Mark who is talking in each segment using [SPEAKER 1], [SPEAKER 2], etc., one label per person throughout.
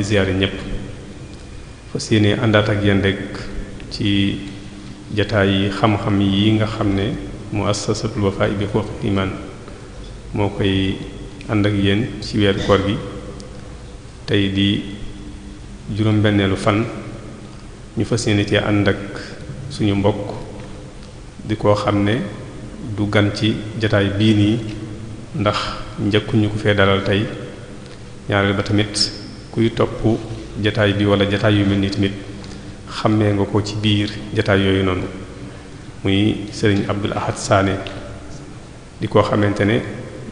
[SPEAKER 1] di ziyaare ñëpp fas yéene àndaat ak yéen rek ci jataay xam-xam yi nga xam ne mu assasatul wafa bi xoox iman moo koy ànd ak yéen ci weer koor gi tey di juróom-benneelu fan ñu fa yéene ci ànd ak suñu mbokk di ko xam ne du gan ci jataay bii nii ndax njëkkuñu ko fee dalal tey ñaareel ba tamit kuy topp jataay bi wala jataay yu mel ni tamit xàmmee nga ko ci biir jataay yooyu noonu muy sëriñ Abdul Ahad Sané di ko xamante ne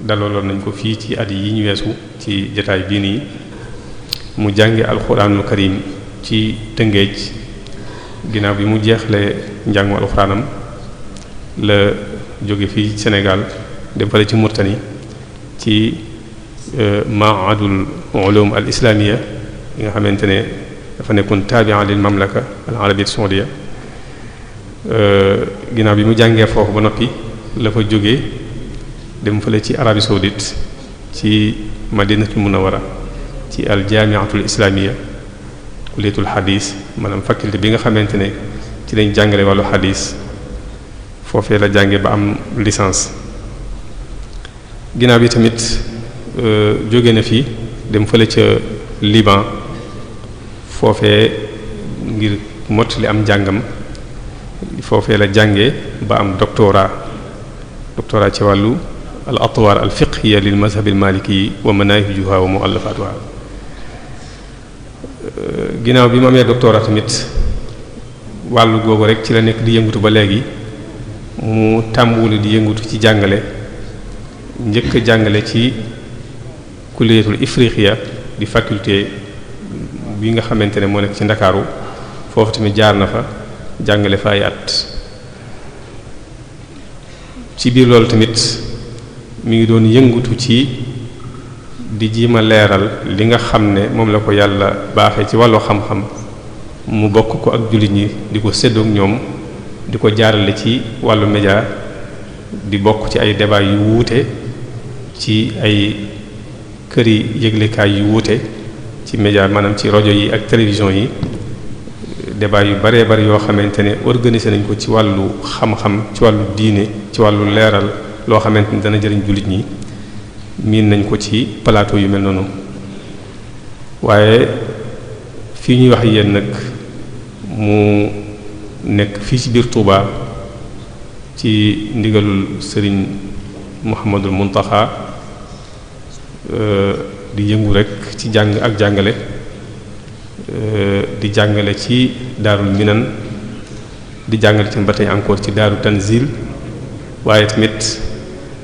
[SPEAKER 1] dalaloon nañ ko fii ci at yi ñu weesu ci jataay bii nii mu jànge alxuraanul karim ci tëngéej ginnaaw bi mu jeexlee njàngu alxuraanam la jóge fii senegal dem fale ci Murtani ci maadul ulum al islamia yi nga xamante ne dafa nekkoon taabia lil mamlaka al arabia saudia euh, ginnaaw bi mu jàngee foofu ba noppi la fa jógee dem fële ci Arabie saoudite ci madinatul munawwara ci al jamiatul islamia kulliyatul xadis maanaam faculté bi nga xamante ne ci lañ jàngale wàllu xadis foofee la jànge ba am licence ginnaaw bi tamit Euh, jóge na fi dem fële ca Liban foofee ngir li am njàngam foofee la jànge ba am doctorat doctorat ci wàllu al atwaar al fiqhiyya lil mazhab al maliki wa manaahijuha wa mu'allafatuha euh, ginnaaw bi mu amee doctorat wàllu googu rek ci la nekk di yëngutu ba léegi mu tàmbuli di yëngutu ci jàngale njëkk jàngale ci kulliyatul ifriqiya di faculté bi nga xamante ne moo nekk ci ndakaaru foofu tamit jaar na fa jàngale fa ci biir loolu tamit mi ngi doon yëngutu ci di jiima leeral li nga xam ne moom la ko yàlla baaxee ci wàllu xam-xam mu bokk ko ak jullit ñi di ko séddoog ñoom di ko jaarale ci wàllu média di bokk ci ay débat yu wuute ci ay këri yëglekaay yu wuute ci média maanaam ci rajo yi ak télévision yi débat yu baree bari yoo xamante ne organise nañ ko ci wàllu xam-xam ci wàllu diine ci wàllu leeral loo xamante ni dana jëriñ jullit ñi miin nañ ko ci palaato yu mel noonu waaye fii ñuy wax yéen nag mu nekk fii ci biir Touba ci ndigalul sëriñ Mouhamadul Mountakha Euh, di yëngu rek ci jàng ak jàngale euh, di jàngale ci daarul minan di jàngale ci ba encore ci daaru tanzil waaye tamit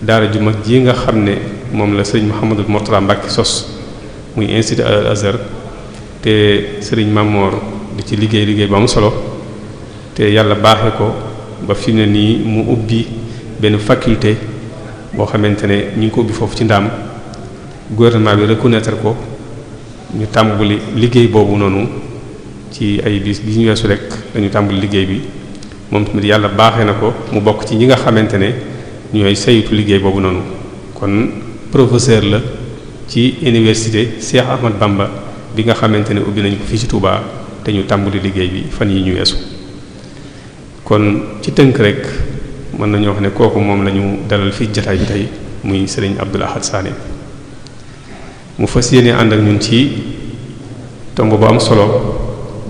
[SPEAKER 1] daara ju mag ji nga xam ne moom la sëriñ Mouhamadul Mourtada Mbacke sos muy institut al Azhar te sëriñ mamoor di ci liggéey liggéey ba mu solo te yàlla baaxe ko ba fi ne nii mu ubbi benn faculté boo xamante ne ñu ngi ko ubbi foofu ci ndaam gouvernement bi reconnaître ko ñu tàmbali liggéey boobu noonu ci ay bis bi ñu weesu rek dañu tàmbali liggéey bi moom tamit yàlla baaxe na ko mu bokk ci ñi nga xamante ne ñooy saytu liggéey boobu noonu kon professeur la ci université Cheikh Ahmad Bamba bi nga xamante ne ubbi nañu ko fii ci Touba te ñu tàmbuli liggéey bi fan yi ñu weesu kon ci tënk rek mën nañoo wax ne kooku moom lañu ñu dalal fii jotaay bi tey muy sëriñ Abdoul Ahad Sané mu fa yéene ànd ak ñun ci tomb bu am solo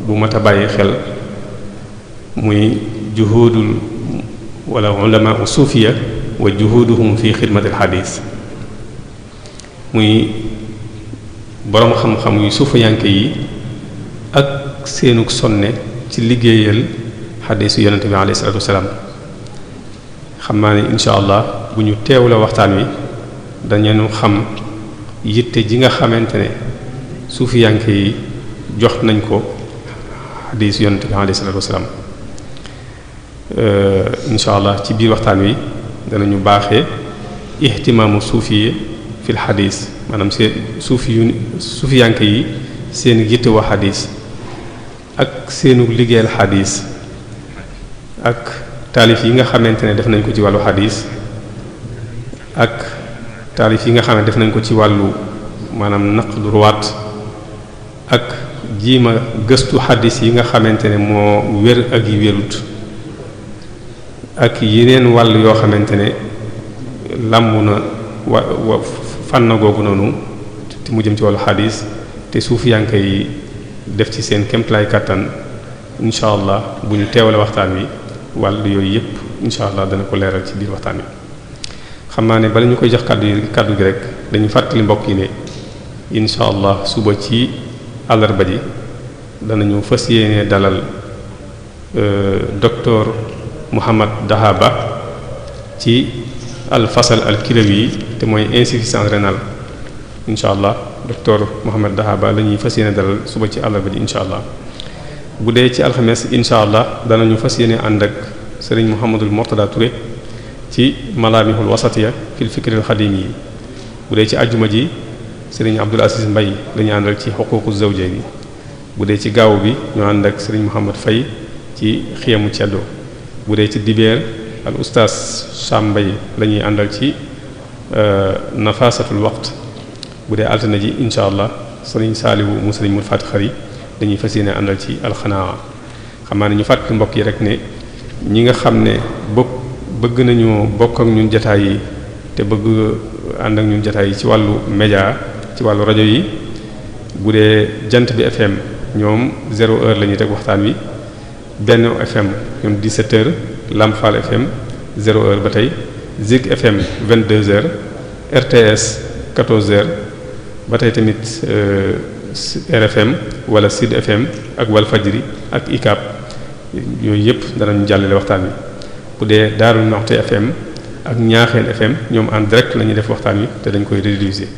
[SPEAKER 1] bu mat a bàyyi xel muy juhudul wala ulama u suufiya wa juhuduhum fi xidmatil xadis muy boroom xam-xam yu yi ak seenug sonne ci liggéeyal xadisu yonant bi alayhi salatu wasalaam xam naa ni incha allah bu ñu teew la waxtaan wi dañu xam yitte ji nga xamante ne suufiyanke yi jox nañ ko xadiis yonent bi alayhi salaatu wasalaam euh, insha allah ci biir waxtaan wi dana danañu baaxee ihtimaamu suufiye fil xadiis maanaam seen suufi yu suufiyanke yi seen yitte wa xadiis ak seenu liggéeyal xadiis ak taalif yi nga xamante ne def nañ ko ci wàllu xadiis ak taalif yi nga xam ne def nañ ko ci wàllu maanaam naqdu ruwaat ak jiima gëstu xaddis yi nga xamante ne moo wér ak yi wérut ak yeneen wàll yoo xamante ne làmb na wa wa fànn googu noonu te mu jëm ci wàllu xaddis te suuf yaa ngi koy def ci seen kemtalaay kàttan incha allah bu ñu teewale waxtaan wi wàll yooyu yëpp incha allah dana ko leeral ci biir waxtaan wi. xam naa ne bala ñu koy jox kàddu yi kàddu gi rek dañu fàttali mbokk yi ne incha allah suba ci àllarba ji danañu fas yéene dalal euh, docteur Mouhamad Dahaba ci alfasal al kilawi te mooy insuffisance rénale incha allah docteur Mouhamad Dahaba la ñuy fas yéene dalal suba ci àllarba ji incha allah bu dee ci alxames incha allah ñu fas yéene ànd ak sëriñ Mouhamadul Mortada Touré. ci malaamihul wasatiya fil fikril xadim yi bu dee ci ajjuma ji sëriñ Abdul Aziz Mbay lañu àndal ci xuquuqu zawje bi bu dee ci gaaw bi ñoo ànd ak sëriñ Muhammad Fay ci xiyamu ceddo bu dee ci dibeer al ustaas Sam Mbay la àndal ci euh, nafasatul waxt bu dee altine ji incha allah sëriñ saalihu mu sëriñ mu fàtt xari dañuy fas yéene àndal ci alxanaa xam naa ne ñu fàttali mbokk yi rek ne ñi nga xam ne bokk bëgg nañu bokk ak ñun jataay yi te bëgg ànd ak ñun jataay yi ci wàllu média ci wàllu rajo yi bu dee jant bi FM ñoom zéro heure lañuy teg waxtaan wi benn FM ñoom 17 heures Lamp Fall FM heure ba tey Zik FM 22 heures RTS 14 ba tey tamit euh, RFM wala Sud FM ak Walfajri ak ICAP yooyu yëpp ñu jàllale waxtaan wi. bu dee Daarul Muxti FM ak Ñaaxeen FM ñoom en direct lañu def waxtaan wi te dañ koy rediffuser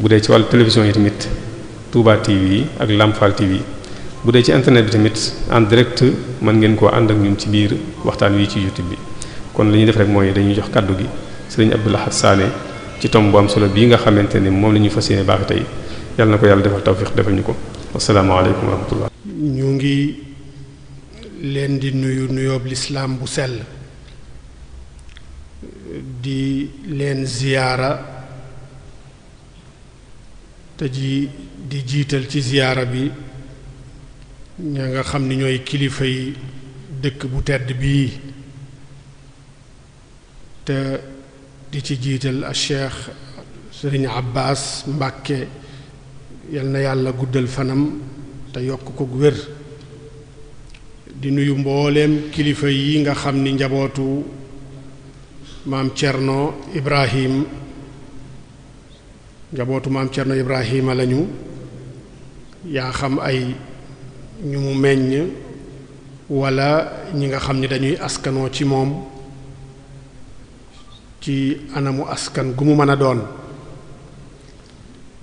[SPEAKER 1] bu dee ci wàllu télévision yi tamit Touba TV yi ak Lamfal TV bu dee ci internet bi tamit en direct mën ngeen ko ànd ak ñun ci biir waxtaan wi ci YouTube bi kon li ñuy def rek mooy dañuy jox kàddu gi sëriñ Abdou Lahad Sané ci tomb bu am solo bii nga xamante ne moom la ñu fas yéene baax tey yàlla na ko yàlla defal tawfiq defal ñu ko asalaamaaleykum wa rahmatullah
[SPEAKER 2] ñu ngi di nuyu nuyoob lislaam bu sell di leen ziyaara te ji di jiital ci ziyaara bi ña nga xam ni ñooy kilifa yi dëkk bu tedd bii te di ci jiital ak cheikh sëriñ abbas mbàkke yal na yàlla guddal fanam te yokk ko wér di nuyu mbooleem kilifa yi nga xam ni njabootu maam Cerno Ibrahim njabootu maam Cerno Ibrahima lañu yaa xam ay ñu mu meññ wala ñi nga xam ni dañuy askanoo ci moom ci anamu askan gu mu mën a doon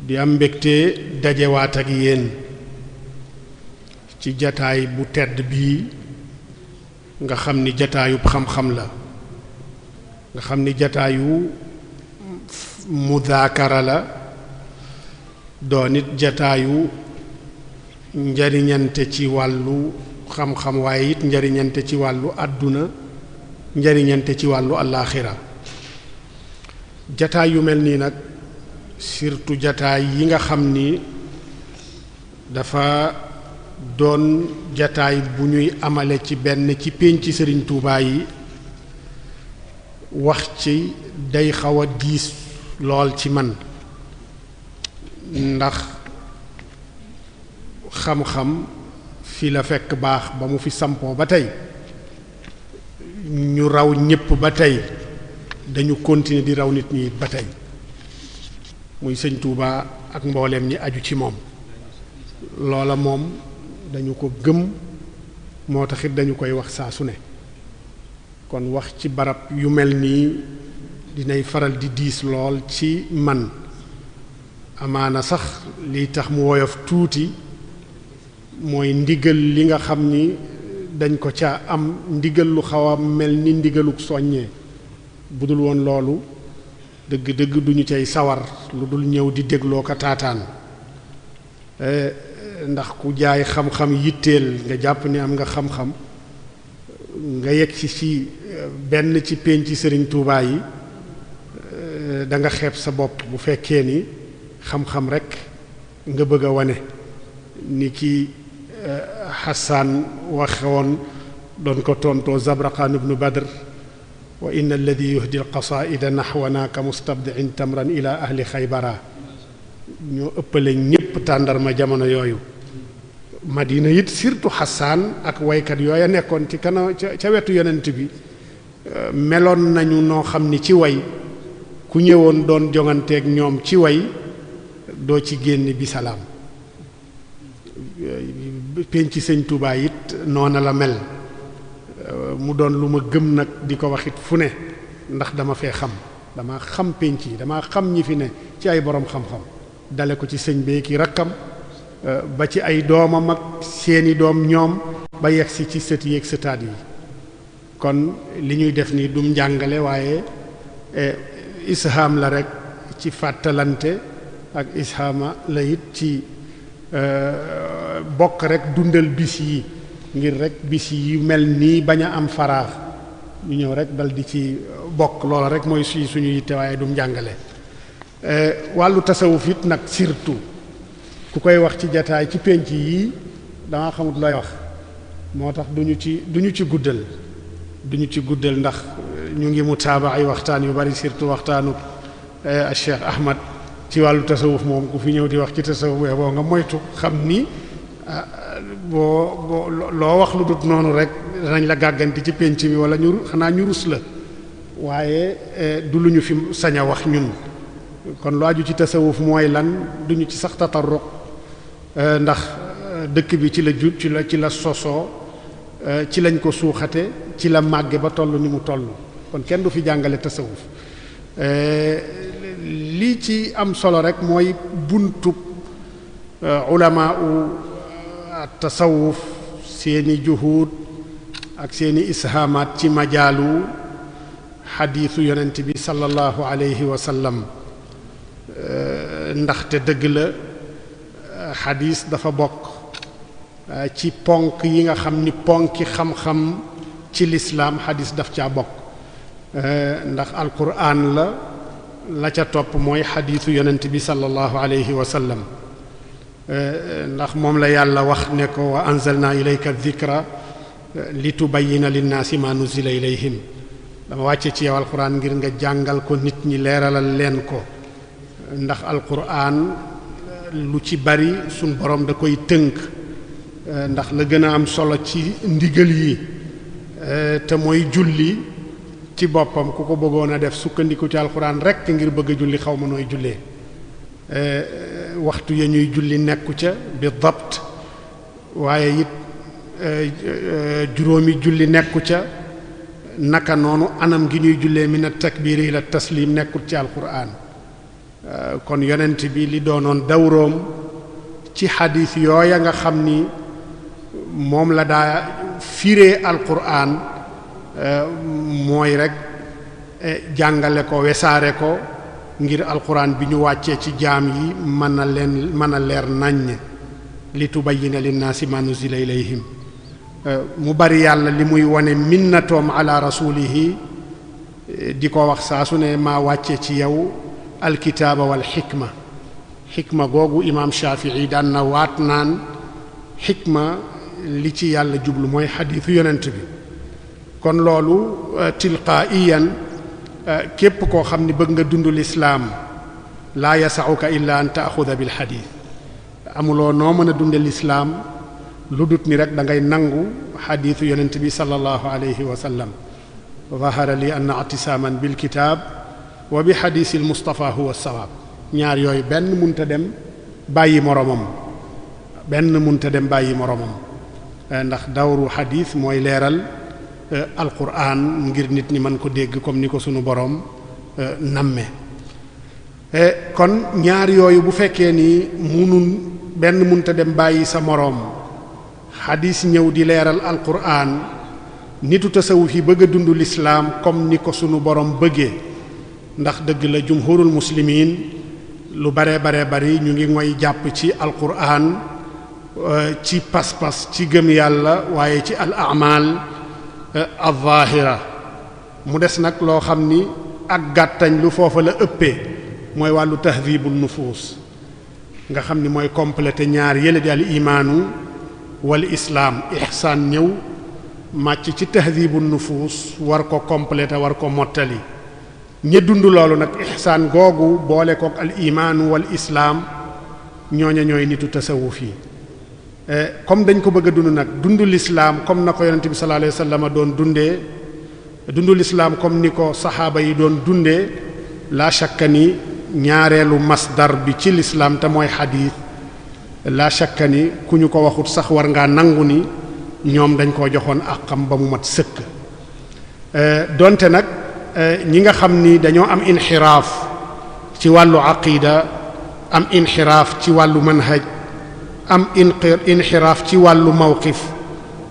[SPEAKER 2] di am mbégte dajewaat ak yéen ci jataay bu tedd bii nga xam ni jataayub xam-xam la nga xam ni jataayu mudaakara la doon it jataayu njariñante ci wàllu xam-xam waaye it njariñante ci wàllu àdduna njariñante ci wàllu allaaxira jataay yu mel nii nag surtout jataay yi nga xam ni dafa doon jataay bu ñuy amale ci benn ci pénc sëriñ Tuubaa yi wax ci day xaw a diis lool ci man ndax xam-xam fi la fekk baax ba mu fi sampoo ba tey ñu raw ñépp ba tey dañu continuer di raw nit ñi ba tey muy sëñ Touba ak mbooleem ñi aju ci moom loola moom dañu ko gëm moo taxit dañu koy wax saa su ne kon wax ci barab yu mel nii dinay faral di diis lool ci man amaana sax lii tax mu woyof tuuti mooy ndigal li nga xam ni dañ ko ca am ndigal lu xaw a mel ni ndigaluk soññee bu dul woon loolu dëgg-dëgg duñu cay sawar lu dul ñëw di dégloo ko taataan eh, ndax ku jaay xam-xam yitteel nga jàpp ni am nga xam-xam nga yegg ci sii benn ci pénc sëriñ Touba yi euh, danga nga xeeb sa bopp bu fekkee ni xam-xam rek nga bëgg a wane ni ki euh, Hassan waxe woon doon ko tontoo Zabraqaan ibnu Badr wa inna alladi yuhdi alqasaida naxwana ka mustabdiin tamran ila ahli xaybara ñoo ëppale ñépp tàndarma jamono yooyu madina it surtout Hassan ak waykat yooya nekkoon ci kana ca wetu yenent bi meloon nañu noo xam ni ci way ku ñëwoon doon jonganteeg ñoom ci way doo ci génn bisalaam salaam penc sëñ Touba it noona la mel mu doon lu ma gëm nag di ko waxit fu ne ndax dama fee xam dama xam penc yi dama xam ñi fi ne ci ay boroom xam-xam dale ko ci sëñ bee ki rakkam ba ci ay doomam ak seeni doom ñoom ba yegsi ci sët yeeg sëtaat yi kon li ñuy def nii dum njàngale waaye e, ishaam la rek ci fàttalante ak ishaama la it ci e, bokk rek dundal bis yi ngir rek bis yi mel nii bañ a am faraax ñu ñëw rek dal di ci bokk loola rek mooy suy suñu yitte waaye dum njàngale e, wàllu tasawuf it nag surtout ku koy wax ci jataay ci pénc yii danga xamut lay wax moo tax duñu ci duñu ci guddal duñu ci guddal ndax ñu ngi mu taaba ay waxtaan yu bari surtout waxtaanu eh, Cheikh Ahmad ci wàllu tasawuf moom ku fi ñëw di wax ci tasawuf bee boo nga moytu xam ni ah, boo boo loo wax lu dut noonu rek danañ la gàggante ci pénc mi wala ñu xanaa ñu rus la waaye eh, du lu ñu fi sañ a wax ñun kon lu aju ci tasawuf mooy lan duñu ci sax tatarruq eh, ndax dëkk bi ci la ci la ci la sosoo ci lañ ko suuxate ci la màgge ba toll ni mu toll kon kenn du fi jàngale tasawuf eh, lii ci am solo rek mooy buntub eh, ulamaa u tasawuf seeni juhud ak seeni ishamaat ci majaalu xadiisu yonent bi sallallahu alayhi wa sallam eh, ndaxte dëgg la xadiis dafa bokk ci ponk yi nga xam ni ponki xam-xam ci lislaam xadis daf caa bokk eh, ndax alquran la la ca topp mooy xadisu yonent bi sallallahu alayhi wa sallam eh, ndax moom la yàlla wax ne ko wa anzalna ilayka dhikra eh, litubayyina linnaasi ma nuzila ilayhim dama wàcce ci yow alquran ngir nga jàngal ko nit ñi leeralal leen ko ndax alquran lu ci bari suñ borom da koy tënk ndax la gën a am solo ci ndigal yi Euh, te mooy julli ci boppam ku ko bëggoon a def sukkandiku ci alxuraan rek ngir bëgg julli xaw ma nooy jullee euh, waxtu ya ñuy julli nekku ca bi waaye it euh, juróomi julli nekku ca naka noonu anam gi ñuy jullee mi at takbiir ila taslim nekkul ci alxuraan kon yonent bi li doonoon dawroom ci xadiis yooya nga xam ni moom la daa firee alquran euh, mooy rekk euh, jàngale ko wesaare ko ngir alquran bi ñu wàccee ci jaam yi mën a leen mën a leer naññ li tubayyina linnaasi ma nuzila ilayhim euh, mu bari yàlla li muy wone minnatoom ala rasulihi di ko wax saa su ne maa wàccee ci yow alkitaaba wal xikma xikma googu imaam Shafii daan na waat naan xikma li ci yàlla jublu mooy xadiisu yonent bi kon loolu euh, tilqaa'iyan euh, képp koo xam ni bëgg nga dund islaam laa yasauka illa an taaxuda bil amuloo noo mën a dund islaam lu dut ni rek da nangu xadiisu yonent bi sallallahu alayhi wa sallam zahara li ann atisaaman bil kitaab wa bi xadiisil mustafa huwa sawaab ñaar yooyu benn munta dem bàyyi moroomam benn munta dem bàyyi moroomam Euh, ndax dawru xadiis mooy leeral euh, alquran ngir nit ñi mën ko dégg comme ni ko sunu boroom euh, namme kon ñaar yooyu bu fekkee ni munun benn munta dem bàyyi sa moroom xadiis ñëw di leeral alquran nitu tasawuf yi bëgg a dund lislaam comme ni ko sunu boroom bëggee ndax dëgg la jumhurul muslimin lu bare bare bari ñu ngi ngoy jàpp ci alquran Euh, ci pas-pas ci gëm yàlla waaye ci al amal euh, al-zahira mu des nag loo xam ni ak gàttañ lu foofa la ëppee mooy wàllu tahdibu nufuus nga xam ni mooy complété ñaar yële di al imaanu wal islaam ihsaan ñëw màcc ci tahdibu nufuus war ko complété war ko mottali ñi dund loolu nag ihsaan googu boole kook al imaanu wal islaam ñooña ñooy nitu tasawuf yi Eh, comme dañ ko bëgg a dund nag dundu lislaam comme na ko yonent bi sallallahu alayhi wasallam doon dundee dundu lislaam comme ni ko saxaaba yi doon dundee la shakka ni ñaareelu masdar bi ci lislaam te mooy xadiis la shakka ni ku ñu ko waxut sax war ngaa nangu ni ñoom dañ koo joxoon àqam ba mu mat sëkk eh, donte nag eh, ñi nga xam ni dañoo am inxiraaf ci wàllu aqida am inxiraaf ci wàllu manhaj am inxiraaf ci wàllu mawqif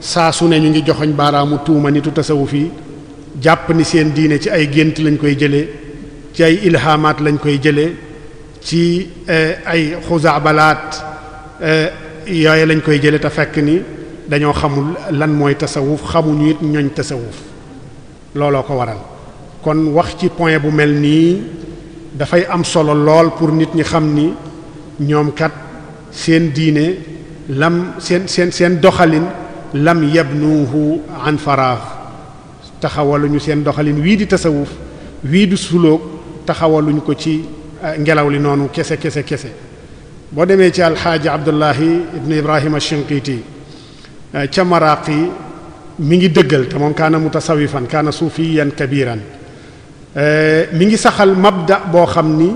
[SPEAKER 2] saa su ne ñu ngi joxoñ baaraamu tuuma nitu tasawuf yi jàpp ni seen diine ci ay gént lañ koy jële ci ay ilhamaat lañ koy jëlee ci eh, ay xuzaabalaat eh, yooye lañ koy jëlee te fekk ni dañoo xamul lan mooy tasawuf xamuñu it ñooñ tasawuf looloo ko waral kon wax ci point bu mel nii dafay am solo lool pour nit ñi xam ni ñoom kat seen diine lam seen seen seen doxalin lam yabnuhu an faraax taxawaluñu seen doxalin wii di tasawuf wii di sulóog taxawaluñu ko ci eh, ngelaw li noonu kese kese kese boo demee ci alxaaji abdullahi ibn ibrahima shinqiti eh, ca maraqi mi ngi dëggal te moom kaana mutasawifan kaana suufiyan kabiran eh, mi ngi saxal mabda boo xam ni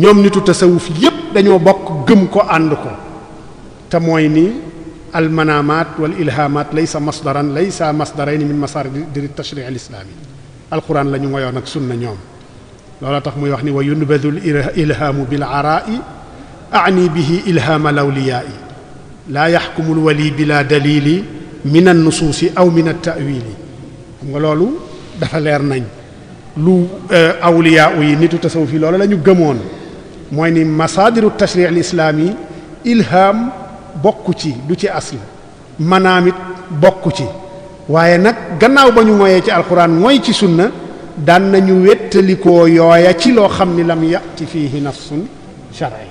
[SPEAKER 2] ñoom nitu tasawuf yépp dañoo bokk gëm ko ànd ko te mooy ni almanamaat wal ilhamaat laysa masdaran laysa masdarayn min masaadir di al islaami alquran la ñu ngoyoon ak sunna tax muy wax ni wa yunbadu l ilhaamu bil araai ani bihi ilhaama lawliyaai laa aw min at loolu dafa leer nañ lu eh, awliyaa yi nitu tasawuf yi loola la ñu gëmoon mooy ni masaadiru tashri' al islaami ilham bokk ci du ci asl manaam it bokk ci waaye nag gannaaw ba ñu moyee ci alxuraan mooy ci sunna daan nañu wettalikoo yooya ci loo xam ni lam yati fiihi nafsun shar'i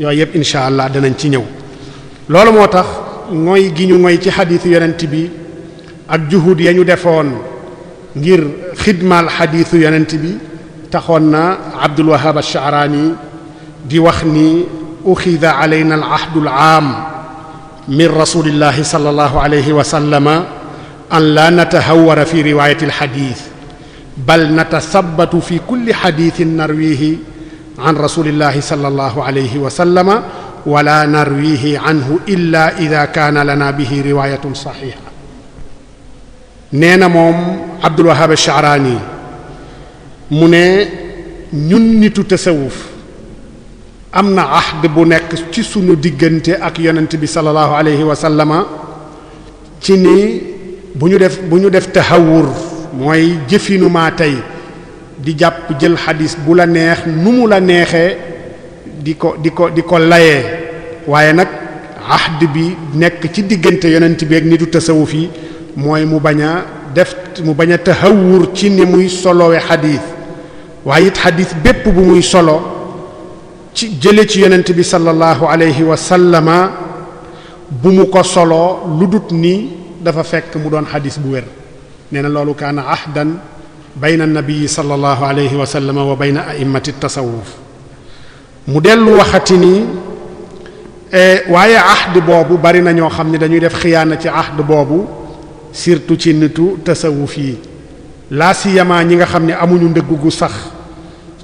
[SPEAKER 2] yooyu yëpp incha allah danañ ci ñëw loolu moo tax mooy gi ñu mooy ci xadiis yonent bi ak juhud ya ñu defoon ngir xidmaal xadiisu yonent bi taxoon na Abdul Wahhab Ash-Sha'rani di wax ni uxida aleyna al ahdu al aam min rasulillahi sallallahu alayhi wa sallama an la natahawara fi riwayati al hadith bal natasabbatu fi kulli hadithin narwihi an rasulillahi sallallahu alayhi wa sallama wala narwihi anhu illa ida kaana lana bihi riwayatun saxiixa nee na moom Abdul Wahhab Sha'rani mu ne ñun nitu tasawuf am na ahd bu nekk ci suñu diggante ak yonent bi sallallahu alayhi wa sallama ci ni bu ñu def bu ñu def tahawur mooy jëfinu maa tey di jàpp jël xadiis bu la neex nu mu la neexee di ko di ko di ko laye waaye nag ahd bi nekk ci diggante yonent bi ak nitu tasawuf yi mooy mu bañ a def mu bañ a tahawur ci ni muy solowee xadis waaye it xadis bépp bu muy solo ci jële ci yonent bi sallallahu alayhi wa sallama bu mu ko soloo lu dut ni dafa fekk mu doon xadis bu wér nee na loolu kaana ahdan bayna nabii sallallahu alayhi wa sallama wa bayna a'immati tasawuf mu dellu waxati ni e, waaye ahd boobu bari na ñoo xam ne dañuy def xiyaana ci ahd boobu surtout ci nitu tasawuf yi laa si siyamaa ñi nga xam ne amuñu ndëgg gu sax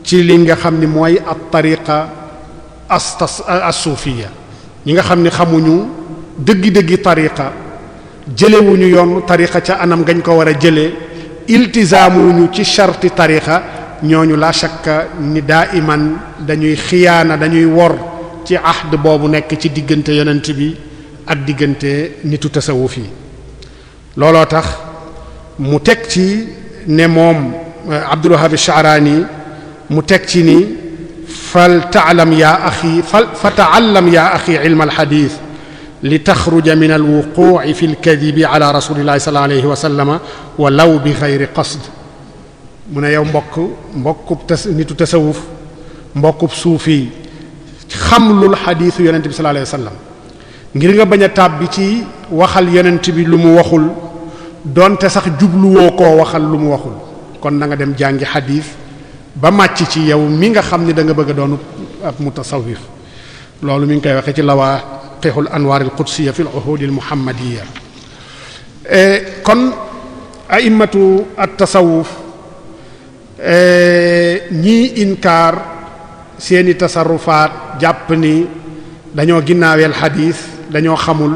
[SPEAKER 2] ci li nga xam ni mooy ab tariqa astas as-sufiya ñi nga xam ni xamuñu dëggi-dëggi tariqa jëlewuñu yoon tariqa ca anam gañ ko war a jëlee iltisaamuñu ci charti tariqa ñooñu la shakka ni daa iman dañuy xiyaana dañuy wor ci ahd boobu nekk ci diggante yonent bi ak diggante nitu tasawuf yi looloo tax mu teg ci ne moom eh, Abdul Wahhab mu teg ci ni fal taalam yaa axi fal fa taallam yaa axi ilma alxadis li taxruja min alwuquci fi lkadibi ala rasulillahi sala alayhi wa sallama bi xayri qasd mu ne yow mbokk mbokkub tas nitu tasawuf mbokkub suufi xamlul xadiisu yonent bi sala alayhi wa sallam ngir nga bañ a bi ci waxal yonent bi lu mu waxul doonte sax jubluwoo koo waxal lu mu waxul kon nanga dem jàngi xadiis ba màcc ci yow mi nga xam ni da nga bëgg a doon ab mutasawwif loolu mi ngi koy waxee ci lawaaqihul anwaaril qudsiyya fil uhuudil muhammadiyya e, kon a'immatu at-tasawuf e, ñii inkaar seeni tasarufaat jàpp ni dañoo ginnaaweel xadiis dañoo xamul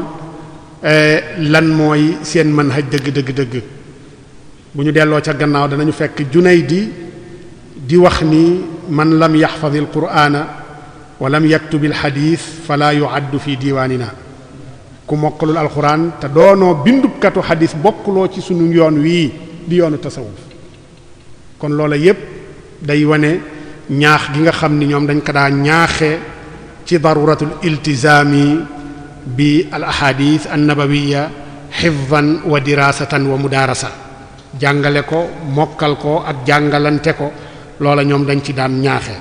[SPEAKER 2] e, lan mooy seen manhaj dëgg dëgg dëgg bu ñu delloo ca gannaaw danañu fekk Junaydi di wax ni man lam yaxfad al qur'ana wa lam yaktub al xadiis fala yu'addu fi diiwaanina ku mokkalul alxuraan te doonoo bindukatu xadiis bokkuloo ci sunu yoon wii di yoonu tasawuf kon loola yépp day wane ñaax gi nga xam ni ñoom dañ ko daa ñaaxe ci daruratul iltizaami bi al ahadith an wa dirasatan wa mudaarasa jàngale ko mokkal ko ak jàngalante ko loola ñoom dañ ci daan ñaaxee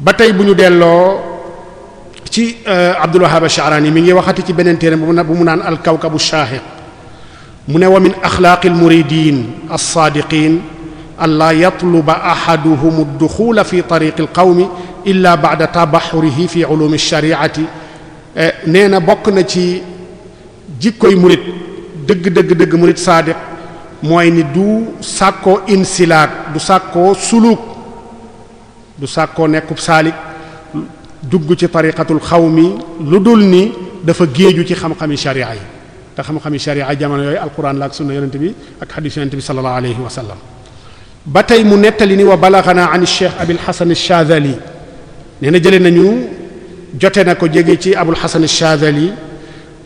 [SPEAKER 2] ba tey bu ñu delloo ci euh, Abdul Wahhab Sha'rani mi ngi waxati ci beneen téere bu mu naan al kawkabu shaahiq mu ne wa min axlaaqi almuridin alsaadiqin an laa yatluba ahaduhum fi tariqi alqawmi illa ba'da tabaxurihi fi ulumi alshariati eh, nee na bokk na ci jikkoy murid dëgg dëgg mooy ni du sàkkoo insilaat du sàkkoo suluk du sàkkoo nekkub saalik dugg ci xaw xawmi lu dul ni dafa géeju ci xam-xami sharia yi te xam-xami sharia jamono yooyu alquran la ak sunna yonente bi ak xadiis yonente bi sallallahu alayhi wa sallam ba tey mu nettali ni wa balaghana an cheikh abul hasan shadhali nee na jëlee nañu jote na ko jege ci abul hasan shadhali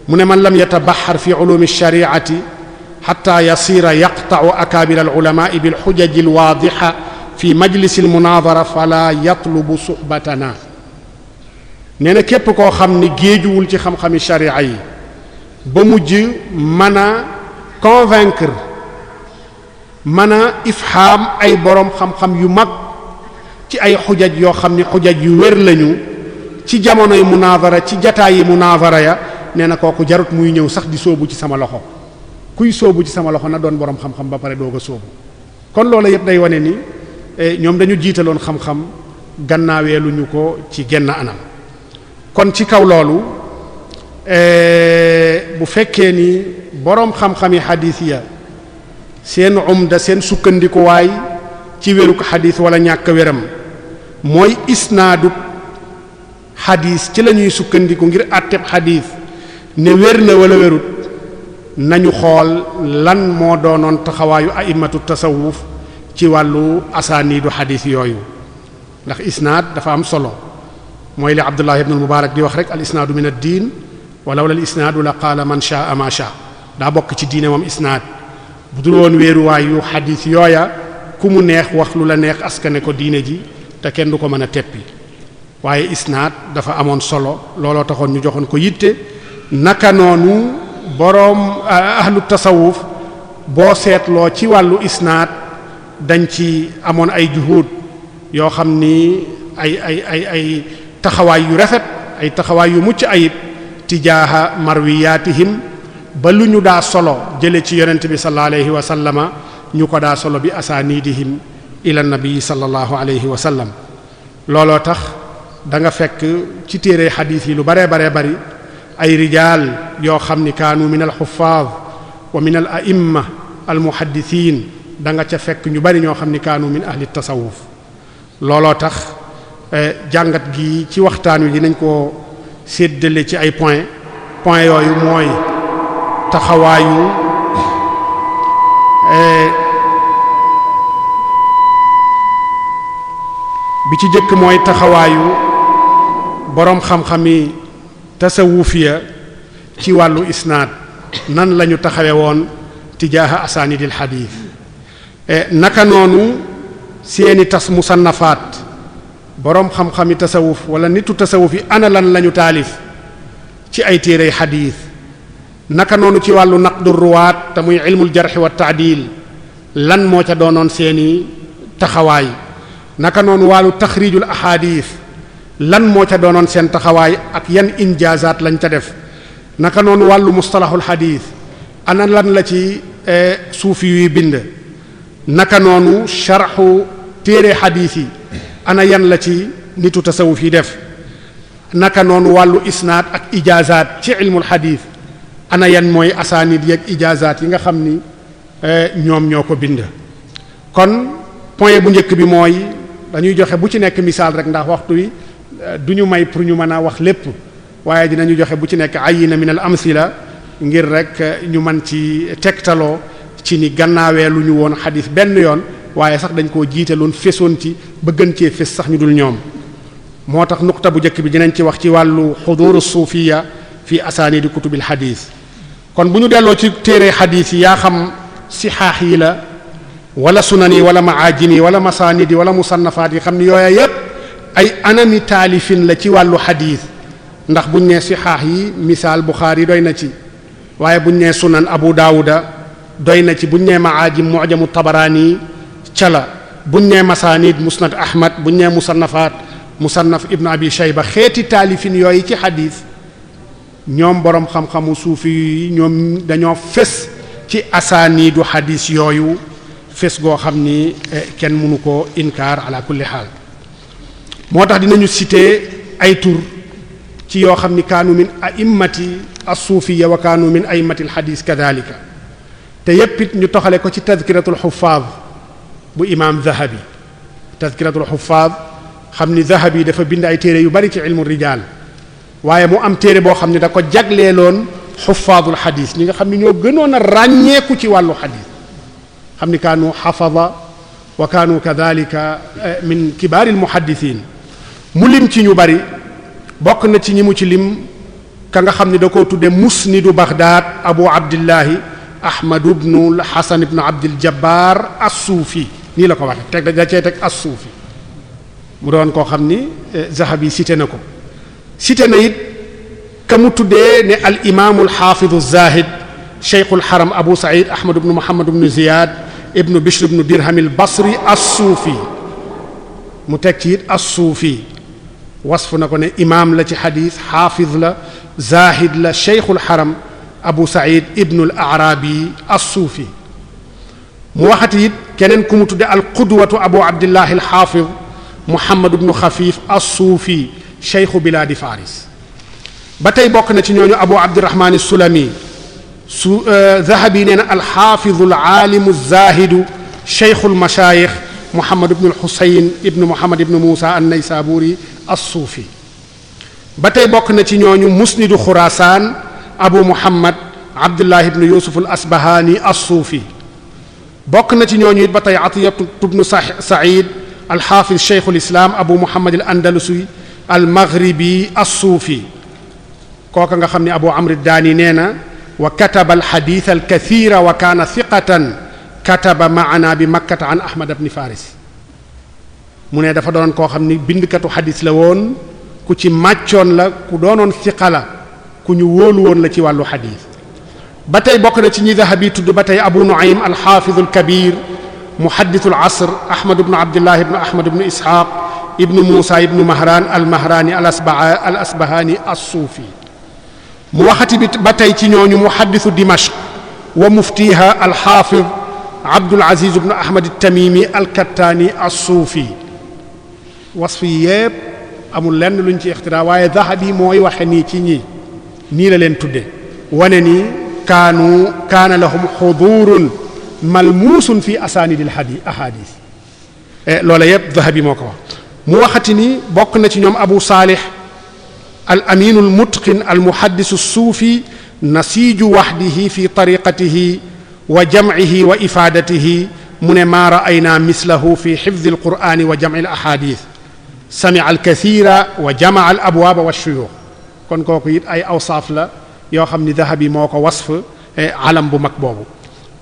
[SPEAKER 2] mu ne man lam yatabaxar fi ulumi shariati xataa yasiira yaqtau akaabir alulamaai bilxujaji alwaadixa fi majlisi almunaadara fala yatlubu suxbatana nee na képp koo xam ni géejuwul ci xam-xami sharia yi ba mujj mën a convaincre mën a ifhaam ay boroom xam-xam yu mag ci ay xujaj yoo xam ni xujaj yu wér lañu ci jamonoy munaadara ci jataay yi munaadara ya nee na kooku jarut muy ñëw sax di soobu ci sama loxo kuy soobu ci sama loxo na doon boroom xam-xam ba pare doo ko soobu kon loolu yëpp day wane ni eh, ñoom dañu jiitaloon xam-xam gannaaweelu ñu ko ci genn anam kon ci kaw loolu eh, bu fekkee ni boroom xam-xami xadiis ya seen umda seen sukkandikuwaay ci wéruk xadiis wala ñàkk wéram mooy isnaadub xadiis ci la ñuy sukkandiku ngir àtteb xadiis ne wér na wala wérut nañu xool lan moo doonoon taxawaayu a'immatu tasawuf ci wàllu asaaniidu xadiis yooyu ndax isnaad dafa am solo mooy li Abdullah ibn al-Mubarak di wax rek al isnaadu min ad-diin wa lawla al isnaadu la qaala man shaa ma shaa daa bokk ci diine moom isnaad bu dul woon wéeruwaayu xadiis yooya ku mu neex wax lu la neex askane ko diine ji te kenn du ko mën a teppi waaye isnaad dafa amoon solo looloo taxoon ñu joxoon ko yitte naka noonu boroom eh, ahlu tasawuf boo seetloo ci wàllu isnaad dañ ci amoon ay juhud yoo xam ni ay ay ay taxawaay yu rafet ay taxawaay yu mucc ayib tijaaha marwiyaatihim ba lu ñu daa solo jële ci yonent bi sallallahu alayhi wa ñu ko daa solo bi asaanidihim ila nabi sallallahu alayhi wa sallam looloo tax danga fekk ci téere xadiis yi lu baree baree bari ay rijaal yoo xam ni kaanu min al xuffaad wa min al aimma al muhaddisiin da ca fekk ñu bari ñoo xam ni kaanu min ahli tasawuf looloo tax eh, jàngat gi ci waxtaan wi dinañ ko séddale ci ay point point yooyu mooy taxawaayu eh, bi ci jëkk mooy taxawaayu boroom xam-xami tasawufiya ci wàllu isnaad nan lañu ñu taxawe woon tijaaha asaanidil xadiis e, naka noonu seeni tas musannafaat boroom xam-xami tasawuf wala nitu tasawuf yi ana lan la ñu taalif ci ay téerey xadiis naka noonu ci wàllu naqdu ruwaat te muy ilmul jarxi wa taadil lan moo ca doonoon seeni taxawaay naka noonu wàllu taxriijul axaadiis lan moo ca doonoon seen taxawaay ak yan injaazaat lañ ca def naka noonu wàllu mustalahul xadiis ana lan la ci eh, suufi yuy bind naka noonu sharxu téere xadiis yi ana yan la ci nitu tasawuf yi def naka noonu wàllu isnaad ak ijaazaat ci ilmul xadiis ana yan mooy asaanid yeeg ijaazaat yi nga xam ni eh, ñoom ñoo ko bind kon point bu njëkk bi mooy dañuy joxe bu ci nekk misaal rek ndax waxtu wi du ñu may pour ñu mën a wax lépp waaye dinañu joxe bu ci nekk ayina min al amsila ngir rek ñu man ci tegtaloo ci ni gannaawee lu ñu woon xadis benn yoon waaye sax dañ koo jiitaloon fesoon ci ba gën cee fes sax ñu dul ñoom moo tax nuqta bu njëkk bi dinañ ci wax ci wàllu xuduru suufiya fi asaanidi kutubil xadiis kon bu ñu delloo ci téere xadis yi yaa xam sixaax yi la wala sunan yi wala maajin yi wala masaanid yi wala musannafaat yi xam ni yooya yépp ay anami taalifin la ci wàllu xadiis ndax buñ nee sixaax yi misaal Buxaari doy na ci waaye buñ nee sunan Abu Daawuda doy na ci buñ nee maajim mujamu Tabaraani ca la buñ nee masaanid musnad Ahmad buñ nee musannafaat musannaf Ibn Abi Shayba xeeti taalifin yooyu ci xadiis ñoom boroom xam-xamu suufi yi ñoom dañoo fés ci asaaniidu xadiis yooyu fés goo xam ni eh, kenn mënu ko inkaar ala kulli xaal moo tax dinañu citer ay tur ci yoo xam ni kaanu min a'immati as-suufiyya wa kaanu min a'immati al-hadiis kadhalika te yépp it ñu toxale ko ci tadkiratul xuffaad bu imaam Zahabi tadkiratul xuffaad xam ni Zahabi dafa bind ay téere yu bari ci ilmu rijaal waaye mu am téere boo xam ne da ko jagleeloon xuffaadul xadiis ñi nga xam ne ñoo gënoon a ràññeeku ci wàllu xadiis xam ni kaanu xafada wa kaanu kadhalika eh, min kibaaril muhaddisiin mu lim ci ñu bari bokk na ci ñi mu ci lim ka nga xam ne da koo tudde musnidu Baghdad abu abdillahi ahmadu bnu hasan ibnu abdil jabbar as-suufi nii la ko waxe teg da cee teg as-suufi mu doon koo xam ni eh, zahabi cité na ko cité na it ka mu tuddee ne al imaamu al xaafidu zahid cheikhul haram abu said ahmadu bnu muhammad bnu ziyad ibnu bishr bnu dirham al basri as-suufi mu teg ci it as-suufi wasfu na ko ne imaam la ci xadis xaafiz la zahid la cheikhul xaram abu said ibnul arabi assuufi mu waxati it keneen ku mu tudde alqudwatu abu abdillahi alxaafiz muhammad ibnu xafif assuufi cheikhu biladi faris ba tey bokk na ci ñooñu abu abdirahman sulami su euh, zahabi nee na alxaafizu alaalimu zahidu cheikhul mashaayix muhammad ibnu alxusayn ibnu muhammad ibnu muusa an naysaburi assuufi ba tey bokk na ci ñooñu musnidu xuraasaan abu muhammad abdullah ibnu yusuf al asbahaani assuufi bokk na ci ñooñu it ba tey atiyatu ibnu said alxaafiz cheikhu lislaam abu muhammad al andalusi al maghribi assuufi kooka nga xam ne abu amr daani nee na wa kataba alxadiis alkathira wa kaana thiqatan kataba maana bi makkata an ahmad ibn faris mu ne dafa doon koo xam ni bindkatu xadis la woon ku ci màccoon la ku doonoon siqa la ku ñu wóolu woon la ci wàllu xadis ba tey bokk na ci ñi dahabi tudd ba tey abu nuaym alxaafidu alkabir muhaddisu alasr ahmad ibnu abdullah ibnu ahmad ibnu isxaaq ibnu muusa ibnu mahran almahraani al asbahaani assuufi mu waxati bi ba tey ci ñooñu dimashq wa muftiha alxaafid abdul aziz ibnu ahmad tamimi alkattaani assuufi wasf yi yépp amul lenn luñ ci ixtira waaye zahabi mooy waxe nii ci ñii nii la leen tudde wane ni kaanu kaana lahum xudurun malmuusun fi asaanidil hadi ahadis e, loola yépp zahabi moo ko wax mu waxati ni bokk na ci ñoom abu saalih al aminu al mutqin al muhaddisu suufi nasiiju waxdihi fi tariqatihi wa jamcihi wa ifaadatihi mu ne maa ra'aynaa mislahu fi xifdi alqur'ani wa jamci al ahadith samia alkacira wa jamaca al abwaaba wa shuyuux kon kooku it ay awsaaf la yoo xam ni dahabi moo ko wasf e, alam bu mag boobu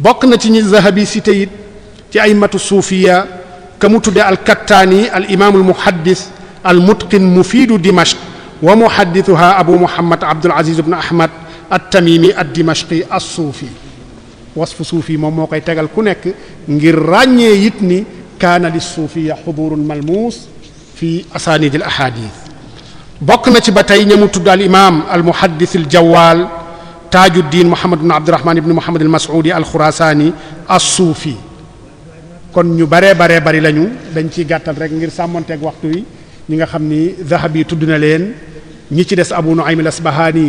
[SPEAKER 2] bokk na ci ñi zahabi si teyit ci ay matu suufiya ka mu tudde alkattaani al imaamu almuhaddis almutqin mufiidu dimashq wa muhaddisuha abu muhammad abdul aziz ibn ahmad at tamimi ad dimashqi as suufi wasfu suufi moom moo koy tegal ku nekk ngir ràññee it ni kaana li suufiya xuburun malmuus fi asaanid al ahadith bokk na ci ba tey ñamu tudd al imam al muhaddis al jawaal taajuddin muhammad ibn abdurahman ibn muhammad al mas'udi al xurasaani as suufi kon ñu baree baree bari lañu dañ ciy gàttal rek ngir sàmmonteeg waxtu yi ñi nga xam ni zahabi tudd na leen ñi ci des abu nu'aym al asbahani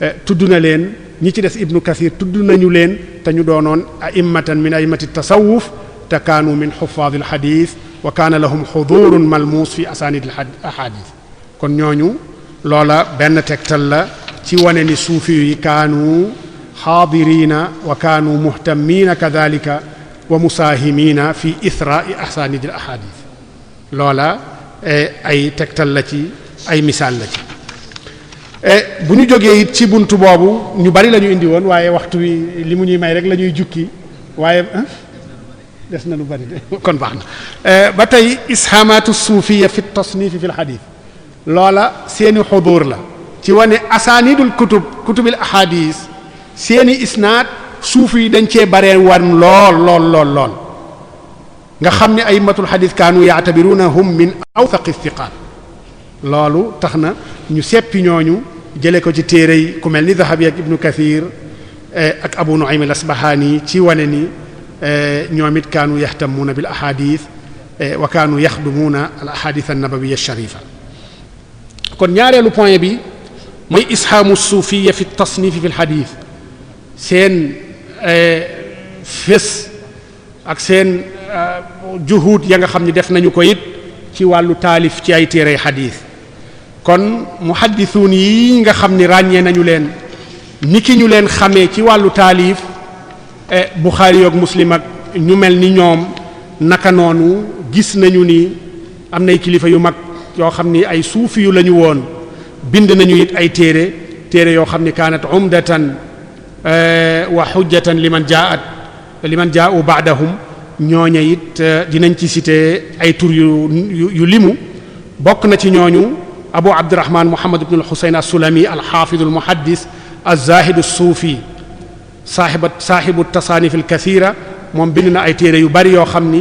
[SPEAKER 2] eh, tudd na leen ñi ci des ibnu kasir tudd nañu leen tañu doonoon a'immatan min a'immati tasawuf te kaanu min xufaadil xadiis wa kaana lahum xudurun malmuus fi asaanidil ahadis kon ñooñu loola benn tegtal la ci wane ni suufi yi kaanu xaadirina wakaanu kaanu muhtammiina kadalika wa musaahimiina fi ithraai asaanidil ahadis eh, ay tegtal la ci ay misaal la ci Eh, bu ñu jógee it ci bunt boobu ñu bari lañu indi woon waaye waxtu wi li mu ñuy may rek lañuy ñuy jukki waaye des na lu bari de kon baax na eh, ba tey ishamatu suufiya fi tasnifi loola seeni xuduur la ci wane asaanidul kutub kutubil ahadis seeni isnaad suuf yi dañ cee baree wan lool lool lool nga xam ne ay matul xadis kaanu yaatabirunahum min awsaqi thiqaat loolu tax na ñu seppi ñooñu jëlee ko ci téere yi ku mel ni Zahabi ak Ibnu Kathir eh, ak Abu Nu'aym al-Asbahani ci wane ni eh, ñoom it kaanu yahtammuuna bil ahadith eh, wa kaanu yaxdumuuna al ahadith an-nabawiyya ash-sharifa kon ñaareelu point bi mooy ishaamu suufiya fi tasnif fi alxadis seen fés ak seen juhuud ya nga xam ni def nañu ko it ci wàllu taalif ci ay téere xadis kon muhaddisuun yi nga xam ni ràññee nañu leen ni ki ñu leen xamee ci wàllu taalif e Buxaari yoog Muslim ñu mel ni ñoom naka noonu gis nañu ni am nay kilifa yu mag yoo xam ni ay suufi yu la ñu woon bind nañu it ay téere téere yoo xam ni kaanat umdatan e, wa xujjatan liman jaat liman jaau baadahum ñooñe it e, dinañ ci citer ay tur yu yu limu bokk na ci ñooñu abu abdurahman muhammad ibn alxusayn assulami alxaafid almuhaddis alzahid alsuufi saaxiba saaxibu tasaanif alkathira moom bind na ay téere yu bari yoo xam ni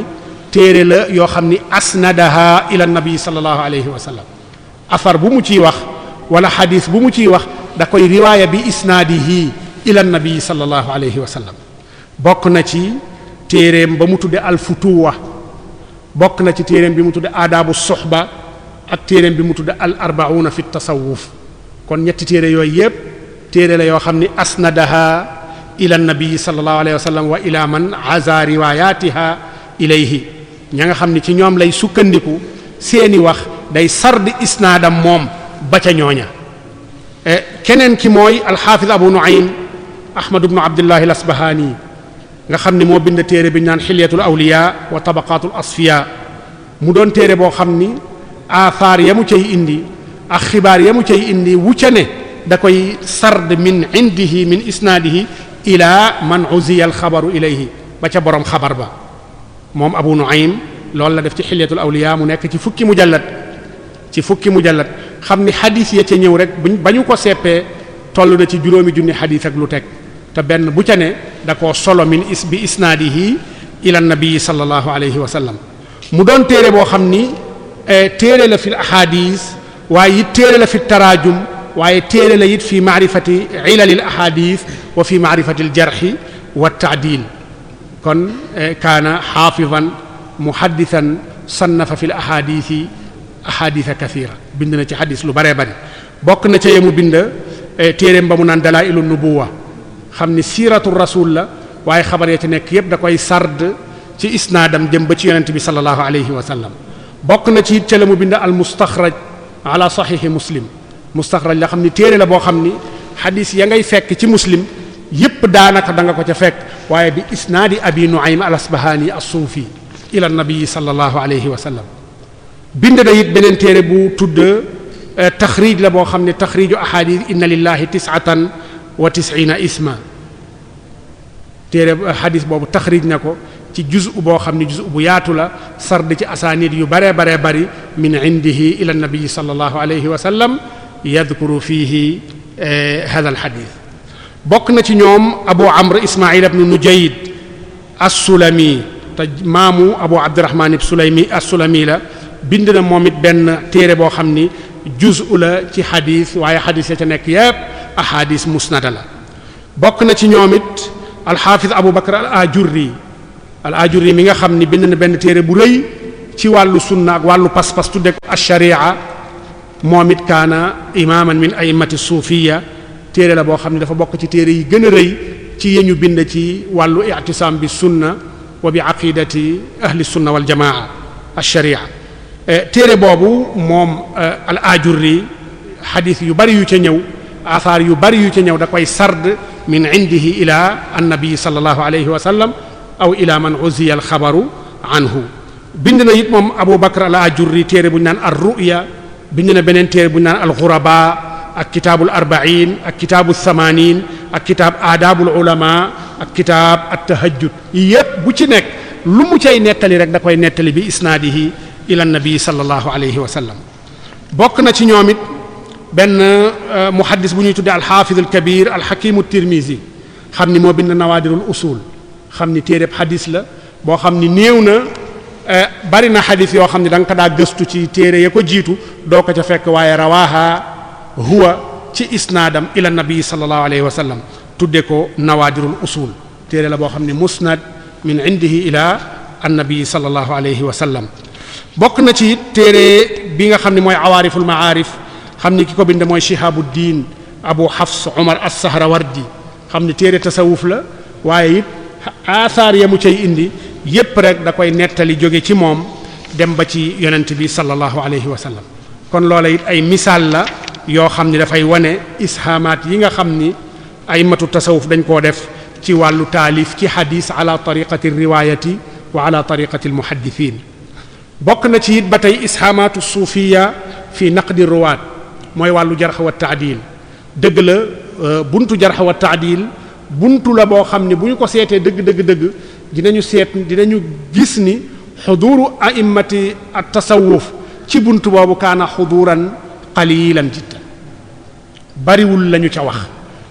[SPEAKER 2] téere la yoo xam ni asnadaha ila nabi sallallahu alayhi wa afar bu mu ciy wax wala xadis bu mu ciy wax da koy riwaaya bi isnaadihi ila nabi sallallahu alayhi wa bokk na ci téereem ba mu tudde alfutuwa bokk na ci téereem bi mu tudde aadaabu suxba ak téereem bi mu tudd al arbauna fi tasawuf kon ñetti téere yooyu yépp téere la yoo xam ni asnadaha ila nabi sallallahu alayhi wa sallam wa ila man aza riwayatiha ilayhi ña nga xam ni ci ñoom lay sukkandiku seeni wax day sard isnaadam moom ba ca ñooña eh, keneen ki mooy alxaafiz abu nu'aym ahmad ibn abdullahi al nga xam ni moo bind téere bi naan xilyatul awliya wa tabaqatul asfiya mu doon téere boo xam ni aafaar ya mu cay indi ak xibaar ya mu cay indi wu ca ne da koy sard min indihi min isnaadihi ila man uziya alxabaru ilayhi ba ca borom xabar ba moom abu nuaym loolu la def ci xilyatul awliya mu nekk ci fukki mujallat ci fukki mujallat xam ni xadis ya ca ñëw rek buñ ba ñu ko seppee toll na ci juróomi junni xadis ak lu teg te benn bu ca ne da koo solo min is bi isnaadihi ila nabii sallallahu alayhi wa sallam mu doon téere boo xam ni Eh, téere la fi ahadis waaye it téere la fi taraajum waaye téere la it fi maarifati ilalil ahadis wa fi maarifati aljarxi wa taadil kon eh, kaana xaafidan muhaddisan sannafa fi l ahadisi ahadisa kacira bind na ci xadis lu bare bari bokk na ca yemu bind eh, téeréem ba mu naan dalailu nubuwa xam ni siiratu rasul la waaye xabar ya ci nekk yépp da koy sard ci isnaadam jëm ba ci yonent bi sallallahu alayhi wa bokk na ci ca la mu bind al mustaxraj ala saxiixi muslim mustaxraj la xam ni téere la boo xam ni xadis ya ngay fekk ci muslim yépp daanaka da nga ko ca fekk waaye bi isnaadi abi nuaym al asbahani as-suufi ila nabii sallallahu alayhi wa sallam bind na it beneen téere bu tudd eh, taxrij la boo xam ne taxriju ahadis inna lillahi tisatan wa tisina isma téere eh, xadis boobu taxriij na ko ci juzu boo xam ne juzu bu yaatu la sard ci asaanid yu baree baree bari min indihi ila nabii sallallahu alayhi wa sallam yadkuru fihi eh, hada al xadis bokk na ci ñoom abu amr ismail ibnu nujayd assulami te maamu abu abdurahman ibn sulaymi la bind na moom it benn téere boo xam ni juzu la ci xadis waaye xadis ya ca nekk yépp ahadis musnada la bokk na ci ñoom it alxaafis abu bakar al ajurri al ajuri mi nga xam ni bind na benn téere bu rëy ci wàllu sunna ak wàllu pas-pas tudde ko ash-sharia moom it kaana imaaman min a'immati suufiya téere la boo xam ne dafa bokk ci téere yi gën a rëy ci yeñu bind ci wàllu i'tisaam bi sunna wa bi aqidati ahli sunna wal jamaa ash eh, téere boobu moom eh, al ajuri xadiis yu bari yu ca ñëw asaar yu bari yu ca ñëw da koy sard min indihi ila annabi sallallahu alayhi wa aw ila man uziya al xabaru anhu bind na it moom Abu Bakr al Ajurri téere bu ñu naan ar ruya bind na beneen téere bu ñu naan al xuraba ak kitaabul arbain ak kitaabu samanin ak kitaab aadaabul ulama ak kitaab at tahajjud yépp bu ci nekk lu mu cay nettali rek da koy nettali bi isnaadihi ila nabi sallallahu alayhi wa sallam bokk na ci ñoom it benn euh, muhaddis bu ñuy tuddee alxaafidul kabir alxakimu tirmizi xam ni moo bind nawaadirul usul xam ni téereb xadis la boo xam ni néew na eh, bari na xadis yoo xam ne da nga ko daa gëstu ci téere ya ko jiitu doo ko ca fekk waaye rawaha huwa ci isnaadam ila nabi sallallahu alayhi wa sallam tudde ko nawaadirul usul téere la boo xam ne musnad min indihi ila annabi sallallahu alayhi wa sallam bokk na ci téere bi nga xam ne mooy awaariful maarif xam ni ki ko bind mooy shihabuddin abu hafs omar as-sahrawardi xam ni téere tasawuf la waaye it aasaar ya mu cay indi yépp rek da koy nettali jóge ci moom dem ba ci yenent bi sallallahu alayhi wa sallam kon loola it ay misaal la yoo xam ni dafay wane ishaamaat yi nga xam ni ay matu tasawuf dañ koo def ci wàllu taalif ci xadis ala tariqati riwaayati wa ala tariqati almuhaddithin bokk na ci it ba tey ishaamaatu suufiya fi naqdi ruwaat mooy wàllu jarx wa dëgg la euh, buntu jarx wa taadil buntu la boo xam ni bu ñu ko seetee dëgg dëgg dëgg dinañu seet dinañu gis ni xuduru a'immati tasawuf ci buntu boobu kaana xuduran qalilan jiddan bariwul lañu ca wax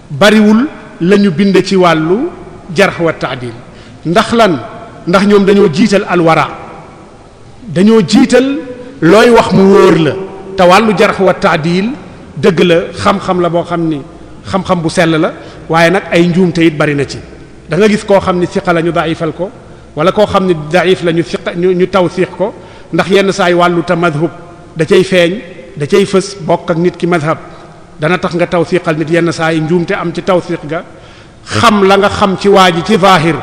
[SPEAKER 2] bariwul la ñu bind ci wàllu jarh wa ta'dil ndax lan ndax ñoom dañoo jiital alwara dañoo jiital looy wax mu wóor la te wàllu jarh wa ta'dil dëgg la xam-xam la boo xam ni xam-xam bu sell la waaye nag ay njuumte yit bari na ci da gis koo xam ni siqa la ñu daifal ko wala koo xam ni daif lañu ñu siqa ñu tawsiq ko ndax yenn saay wàllu ta madhub da cay feeñ da cay fës bokk ak nit ki madhab dana tax nga tawsiqal nit yenn saa yi njuumte am ci tawsiq ga xam la nga xam ci waa ji ci zahir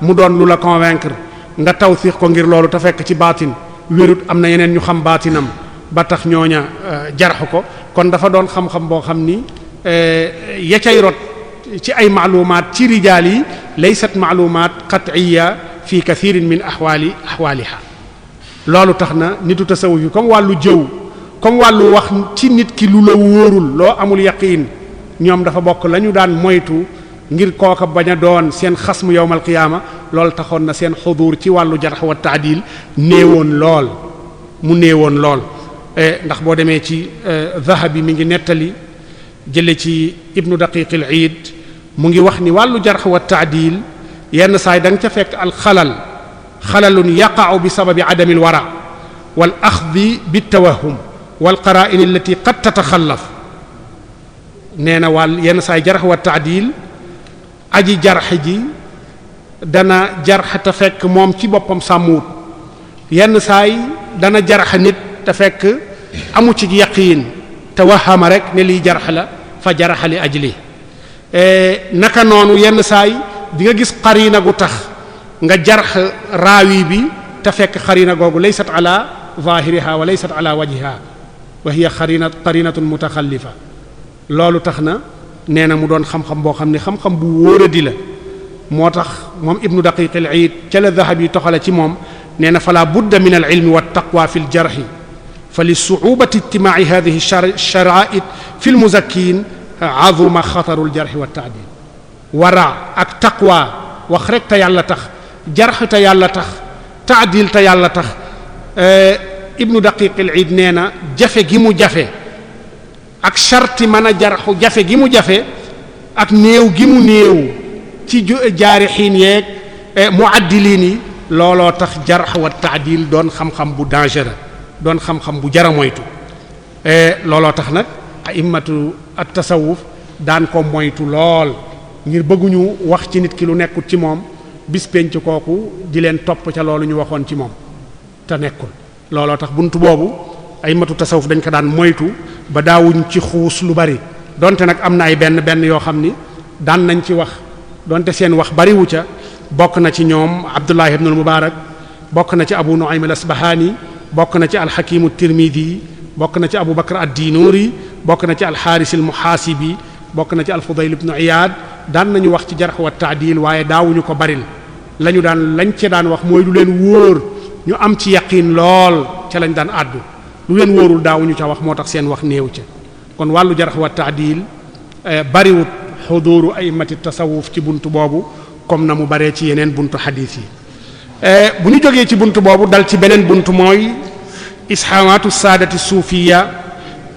[SPEAKER 2] mu doon lu la convaincre nga tawsiq ko ngir loolu te fekk ci baatin wérut am na yeneen ñu xam baatinam ba tax ñooña euh, jarx ko kon dafa doon xam-xam boo xam ni euh, ya cay rot ci ay maalumaat ci rijaal yi laysat maalumaat qat'iyya fi kathirin min ahwaali ahwaaliha loolu tax na nitu tasawuf yi comme wàllu jëw comme wàllu wax ci nit ki lu la wóorul loo amul yaqiin ñoom dafa bokk la ñu daan moytu ngir kooka bañ a doon seen xasmu yowmal qiyaama loolu taxoon na seen xuduur ci wàllu jarax wa taadil néewoon lool mu néewoon lool eh, ndax boo demee ci eh, zahabi mi ngi nettali jële ci ibnu daqiqil iid mu ngi wax ni wàllu jarx wa taadil yenn saay danga ca fekk al xalal xalalun yaqa'u bi sababi adami al wal axdi bi tawahum wal qara'in allati qad tataxallaf nee na wàll yenn saay jarx wa taadil aji jarx ji dana jarx te fekk moom ci boppam sàmmuwut yenn saay dana jarx nit te fekk amu ci yaqiin te wahama rek ne liy jarx la fa jarxa li Eh, naka noonu yenn saay bi nga gis xarina gu tax nga jarx raawi bi te fekk xarina googu laysat ala zahiriha wa laysat ala wajhiha wa hiya xarina mu mutaxallifa loolu tax na nee na mu doon xam-xam boo xam ne xam-xam bu wóoradi la moo tax moom ibnu daqiq al iid ca la dahab yi toxale ci moom nee na fala budda min al ilmi wa taqwa fi l jarxi fa li suubati ijtimaci hadihi sharaa'it fi mu muzakkiin azuma xatarul jarxi wa taadil wara ak taqwa wax rek te yàlla tax jarx te yàlla tax taadil te yàlla tax euh, ibnu daqiq al iid nee na jafe gi mu jafe ak charti mën a jarxu jafe gi mu jafe ak néew gi mu néew ci euh, jaarixiin yeeg euh, muaddiliin yi looloo tax jarx wa taadil doon xam-xam bu dangereux doon xam-xam bu jara moytu looloo tax nag a a'immatu at-tasawuf daan ko moytu lool ngir bëgguñu wax ci nit ki lu nekkul ci moom bis penc kooku di leen topp ca loolu ñu waxoon ci moom te nekkul looloo tax buntu boobu a'immatu tasawuf dañ ko daan moytu ba daawuñ ci xuus lu bari donte nag am na ay benn benn yoo xam ni daan nañ ci wax donte seen wax bariwu ca bokk na ci ñoom Abdullah ibn al-Mubarak bokk na ci Abu Nu'aym al-Asbahani bokk na ci al-Hakim at-Tirmidhi bokk na ci Abu Bakr ad-Dinuri bokk na ci alxaarisil muhaasibi bokk na ci alfudayl ibnu iyaad daan nañu wax ci jarx wa taadil waaye daawuñu ko baril lañu daan lañ ca daan wax mooy lu leen wóor ñu am ci yaqiin lool ca lañ daan àddu lu leen wóorul daawuñu ca wax moo tax seen wax néew ca kon wàllu jarx wa taadil eh, bariwut xuduuru aymati tasawuf ci bunt boobu comme na mu baree ci yeneen buntu xadiis yi eh, bu ñu jógee ci bunt boobu dal ci beneen bunt mooy ishaamaatu saadati suufiya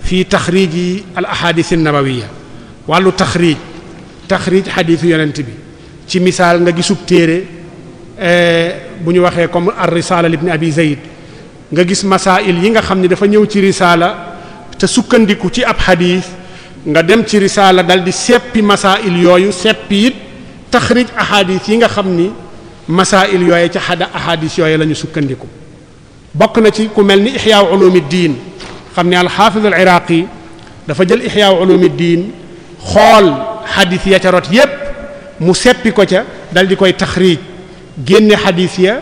[SPEAKER 2] fii taxriji al ahadith an nabawiya wàllu taxrij taxrij xadiisu yonent bi ci misaal nga gisub téere eh, bu ñu waxee comme ar risala libni abi zayd nga gis masail yi nga xam ne dafa ñëw ci risaala te sukkandiku ci ab xadiis nga dem ci risaala dal di seppi masail yooyu seppi it taxrij ahadis yi nga xam ni masail yooyu ca xada ahadis yooyu la sukkandiku bokk na ci ku mel ni ixyaa ulumi diin xam ne alxaafiz al iraqi dafa jël ixyaa ulumi diin xool xadis ya ca rot yépp mu seppi ko ca dal di koy taxriij génne xadis ya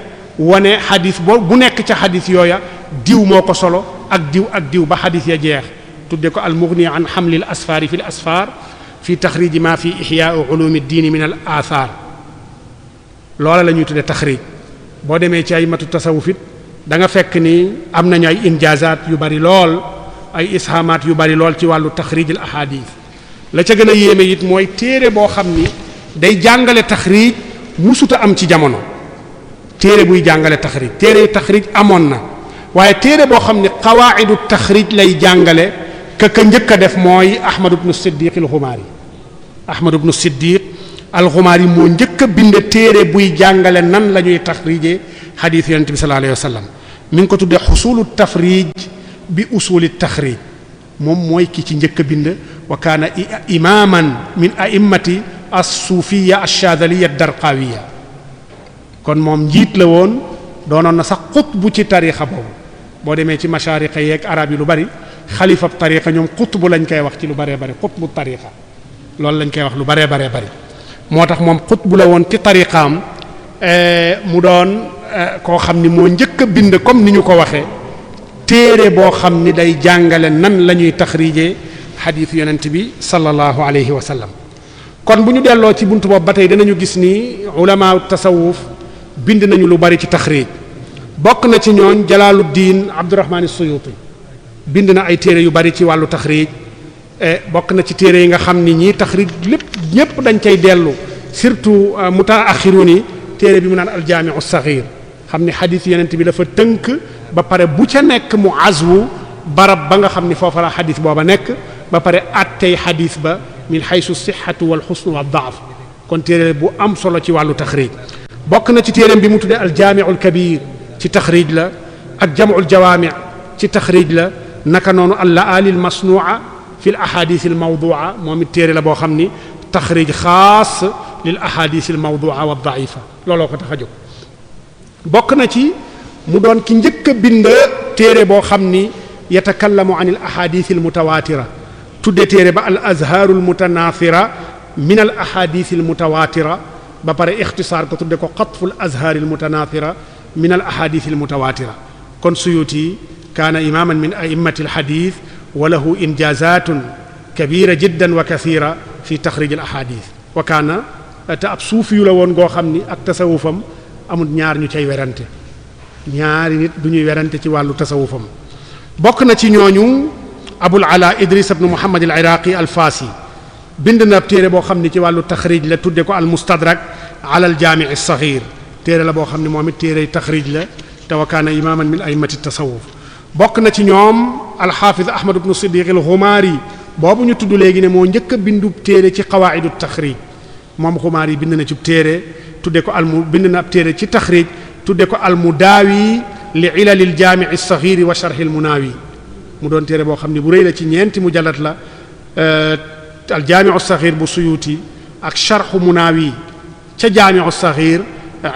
[SPEAKER 2] wane xadis boo bu nekk ca xadis yooya diw moo ko solo ak diw ak diw ba xadis ya jeex tudde ko almugni an xamlil asfaari fi l asfaar fi taxriji ma fi ixyaa ulumi diin min al athar loola la ñuy tudde taxrij boo demee ci ay matu tasawufit da nga fekk ni am nañu ay injaazaat yu bari lool ay ishaamaat yu bari lool ci wàllu taxriij al ahadith la ca gën a yéeme it mooy téere boo xam ni day jàngale taxriij musuta am ci jamono téere buy jàngale taxriij téere taxriij amoon na waaye téere boo xam ni qawaa'idu taxriij lay jàngale ka njëkk a def mooy Ahmad ibn Siddiq al-Xumaari Ahmad ibn Siddiq al-Xumaari moo njëkk a bind téere buy jàngale nan la ñuy taxriijee xadiis yonent bi sallallahu alayhi wa sallam ngi ko tuddee xusulu tafrij bi usuli taxrij moom mooy kii ci njëkk a bind wa kaana imaman min a'immati as-sufiyya ash-shadhiliyya ad-darqawiyya kon moom njiit la woon doonoon na sax xutbu ci tariixa boobu boo demee ci mashaariqa yeeg arab yi lu bari xalifab tariixa ñoom xutbu lañ koy wax ci lu baree bari xutbu tariixa loolu lañ koy wax lu baree baree bari moo tax moom xutbu la woon ci tariixaam Eh, mu doon eh, koo xam ni moo njëkk bind comme ni ñu ko waxee téere boo xam ni day jàngale nan la ñuy taxrijee xadiis yonent bi sallallahu alayhi wa kon bu ñu delloo ci buntu boobu ba tey danañu gis ni ulama tasawuf bind nañu lu bari ci taxrij bokk na ci ñooñ Jalaaluddin Abdurrahmaan Suyuti bind na ay téere yu bari ci wàllu taxrij eh, bokk na ci téere yi nga xam ni ñii taxrij lépp ñépp dañ cay dellu surtout mutaaxirun yi téere bi mu naan aljaamiu saxiir xam ni xadis yenent bi dafa tënk ba pare bu ca nekk mu azwu barab ba nga xam ni foofa la xadis booba nekk ba pare attey xadis ba min xaysu sixatu wal xusnu wa daaf kon téere bu am solo ci wàllu taxrij bokk na ci téereem bi mu tude aljaamiul kabir ci taxrij la ak jamul jawaami ci taxrij la naka noonu alla alil masnua fi l ahadis al mawdua moom it téere la boo xam ni taxrij xaas lil ahadith al mawdu'a wa na ci mu doon ki njëkk a bind boo xam ni yatakallamu an al ahadith al mutawatira tudde téere ba al azharu al mutanasira min al ahadith al mutawatira ba pare ixtisaar ko tudde ko xatfu al azhaari min al ahadith kon suyuti kaana imaaman min a'immati al hadith wa lahu injazatun kabira fi taxrij al te ab suufi la woon goo xam ni ak tasawufam amul ñaar ñu cay werante ñaari nit du ñuy werante ci wàllu tasawufam bokk na ci ñooñu abul ala idris ibn muhammad al iraqi al fasi bind na ab téere boo xam ni ci wàllu taxrij la tudde ko al mustadrak ala al jaami al saxiir téere la boo xam ne moom it téere taxrij la te wa kaana imaaman min aimati tasawuf bokk na ci ñoom al xaafiz ahmad ibn siddiq al xumaari boobu ñu tudd léegi ne moo njëkk a bindu téere ci qawaidu taxrij moom xumaar yi bind na ci téere tudde ko almu bind na ab téere ci taxrij tudde ko almu daawi li ilalil jaami'i saxiiri wa sharhil munaawi mu doon téere boo xam ne bu rëy la ci ñeenti mujallat la euh, al jaami'u saxiir bu suyuti ak sharhu munaawi ca jaami'u saxiir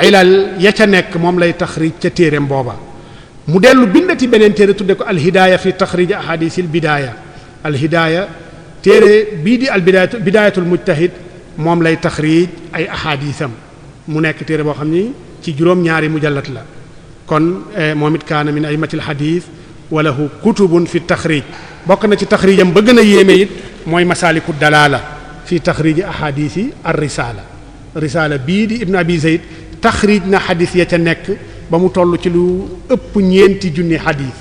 [SPEAKER 2] ilal ya ca nekk moom lay taxrij ca téereem mbooba mu dellu bindati beneen téere tudde ko alhidaaya fi taxrij ahadisil bidaaya alhidaaya téere bii di al bidaayatu bidaayatul mujtahid moom lay taxriij ay ahadiisam mu nekk téere boo xam ni ci juróom ñaari mujallat la kon eh, moom it kaana min aymatil hadis walahu kutubun fi taxriij bokk na ci taxriijam ba gën a yéeme it mooy masaaliku dalaala fi taxriiji ahadis yi ar risaala risaala bii di ibn abi zayd taxriij na xadis ya ca nekk ba mu toll ci lu ëpp ñeenti junni xadis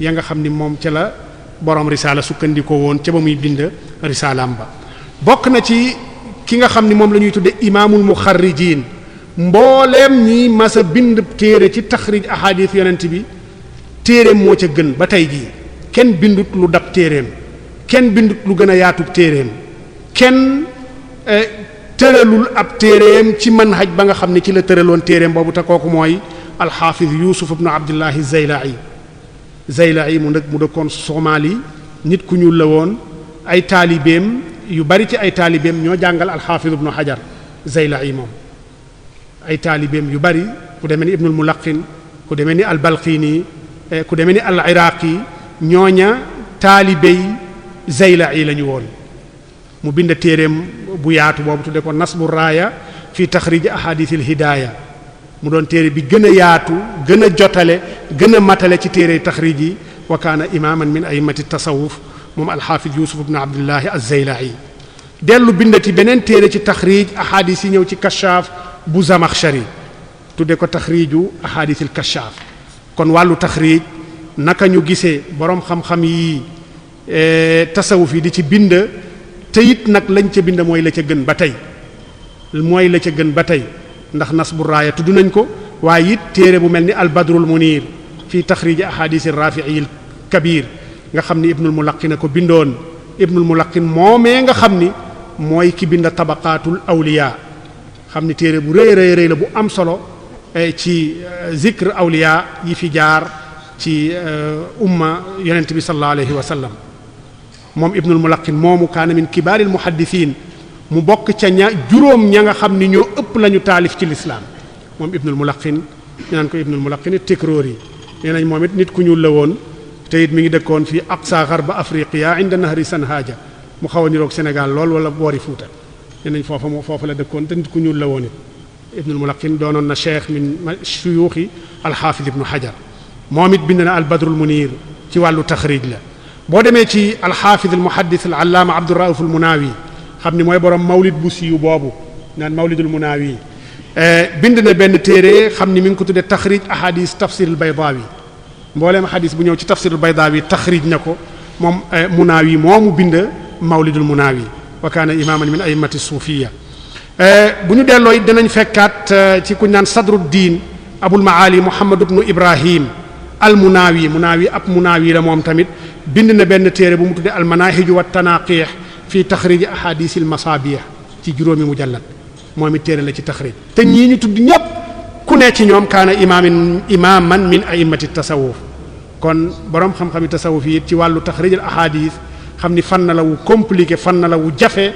[SPEAKER 2] ya nga xam ni moom ca la borom risaala sukkandikoo woon ca ba muy bind risaalaam ba bokk na ci ki nga xam ni moom lañuy ñuy tudde imaamul muxarrijiin mbooleem ñiy mas a bind téere ci taxrij ahadis yonent bi téereem moo ca gën ba tey jii kenn bindut lu dab téereem kenn bindut lu gën a yaatub téereem kenn eh, tëralul ab téereem ci manhaj ba nga xam ne ci la tëraloon téereem boobu te kooku mooy alxaafiz yusuf ibnu abdullahi zaylai zaylai mu nag mu dëkkoon Somaali nit ku ñuul la woon ay taalibeem yu bari ci ay taalibeem ñoo jàngal alxaafiz ibnu xajar zaylai moom ay taalibeem yu bari ku demee ni ibnul mulaqin ku demee ni albalqini eh, ku demee ni al iraqi ñooña taalibey zaylai la ñu woon mu bind téereem bu yaatu boobu tudde ko nasbu raaya fi taxrij ahadith al mu doon téere bi gën yaatu gën a jotale gën matale ci téere taxrij yi wa kaana imaaman min aimati tasawuf moom alxaafis yusuf ibn abdullahi az-Zayla'i dellu bindati beneen téere ci taxrij ahadis yi ñëw ci kashaaf bu Zamakhshari tudde ko taxriju ahadisil kashaaf kon wàllu taxrij naka ñu gisee boroom xam-xam yi e, tasawuf yi di ci bind te it nag lañ ca bind mooy la ca gën ba tey mooy la ca gën ba tey ndax nas bu raaya tudd nañ ko waaye it téere bu mel ni albadrul munir fii taxrij ahadis rafi'i kabir nga xam ni ibnul mulaqin a ko bindoon ibnul mulaqin moomee nga xam ni mooy ki bind tabaqaatul awliya xam ni téere bu rëy rëy rëy la bu am solo eh, ci eh, zikr awliya yi fi jaar ci eh, umma yonent bi sallallahu alayhi wa sallam moom ibnul mulaqin moomu kaana min kibaaril muhaddisiin mu bokk ca ña juróom ña nga xam ni ñoo ëpp lañu taalif ci lislaam moom ibnul mulaqin ñu naan ko ibnul mulaqin tikroor yi nee moom it nit ku ñuul la woon te it mi ngi dëkkoon fii aqsa gharba afriqiya inda nahri sanhaja mu xaw a niroog Sénégal lool wala boori Fuuta nee nañ foofa moo foofa la dëkkoon te nit ku ñuul la woon it ibnul mulaqin doonoon na cheikh min suyuuxi alxaafid ibnu xajar moom it bind na albadrul munir ci wàllu taxrij la boo demee ci alxaafid almuhaddis alallaama abdurauf almunaawi xam ni mooy borom mawlid bu siiw boobu naan mawlidul munaawi eh, bind na benn téere xam ni mi ngi ko tuddee taxrij ahadis tafsir albaydaawi mbooleem xadis bu ñëw ci tafsirul baydaawi taxrij na ko moom eh, munaawi mu bind mawlidul munaawi wa kaana imaaman min a'immati suufiya eh, bu ñu delloo it dinañ fekkaat eh, ci ku naan sadruddin abul maali muhammad ibnu ibrahim al munaawi munaawi ab munaawi la moom tamit bind na benn téere bu mu tuddee al manaahiju wa tanaaqix fi taxriji ahadisil masaabiih ci juróomi mujallad moom it téere la ci taxrij te ñii ñu tudd ñëpp ku ne ci ñoom kaana imaamin imaaman min a'immati tasawuf kon borom xam-xami tasawuf yi ci wàllu taxrij al ahadith xam ni fan na la wu compliqué fan na la wu jafe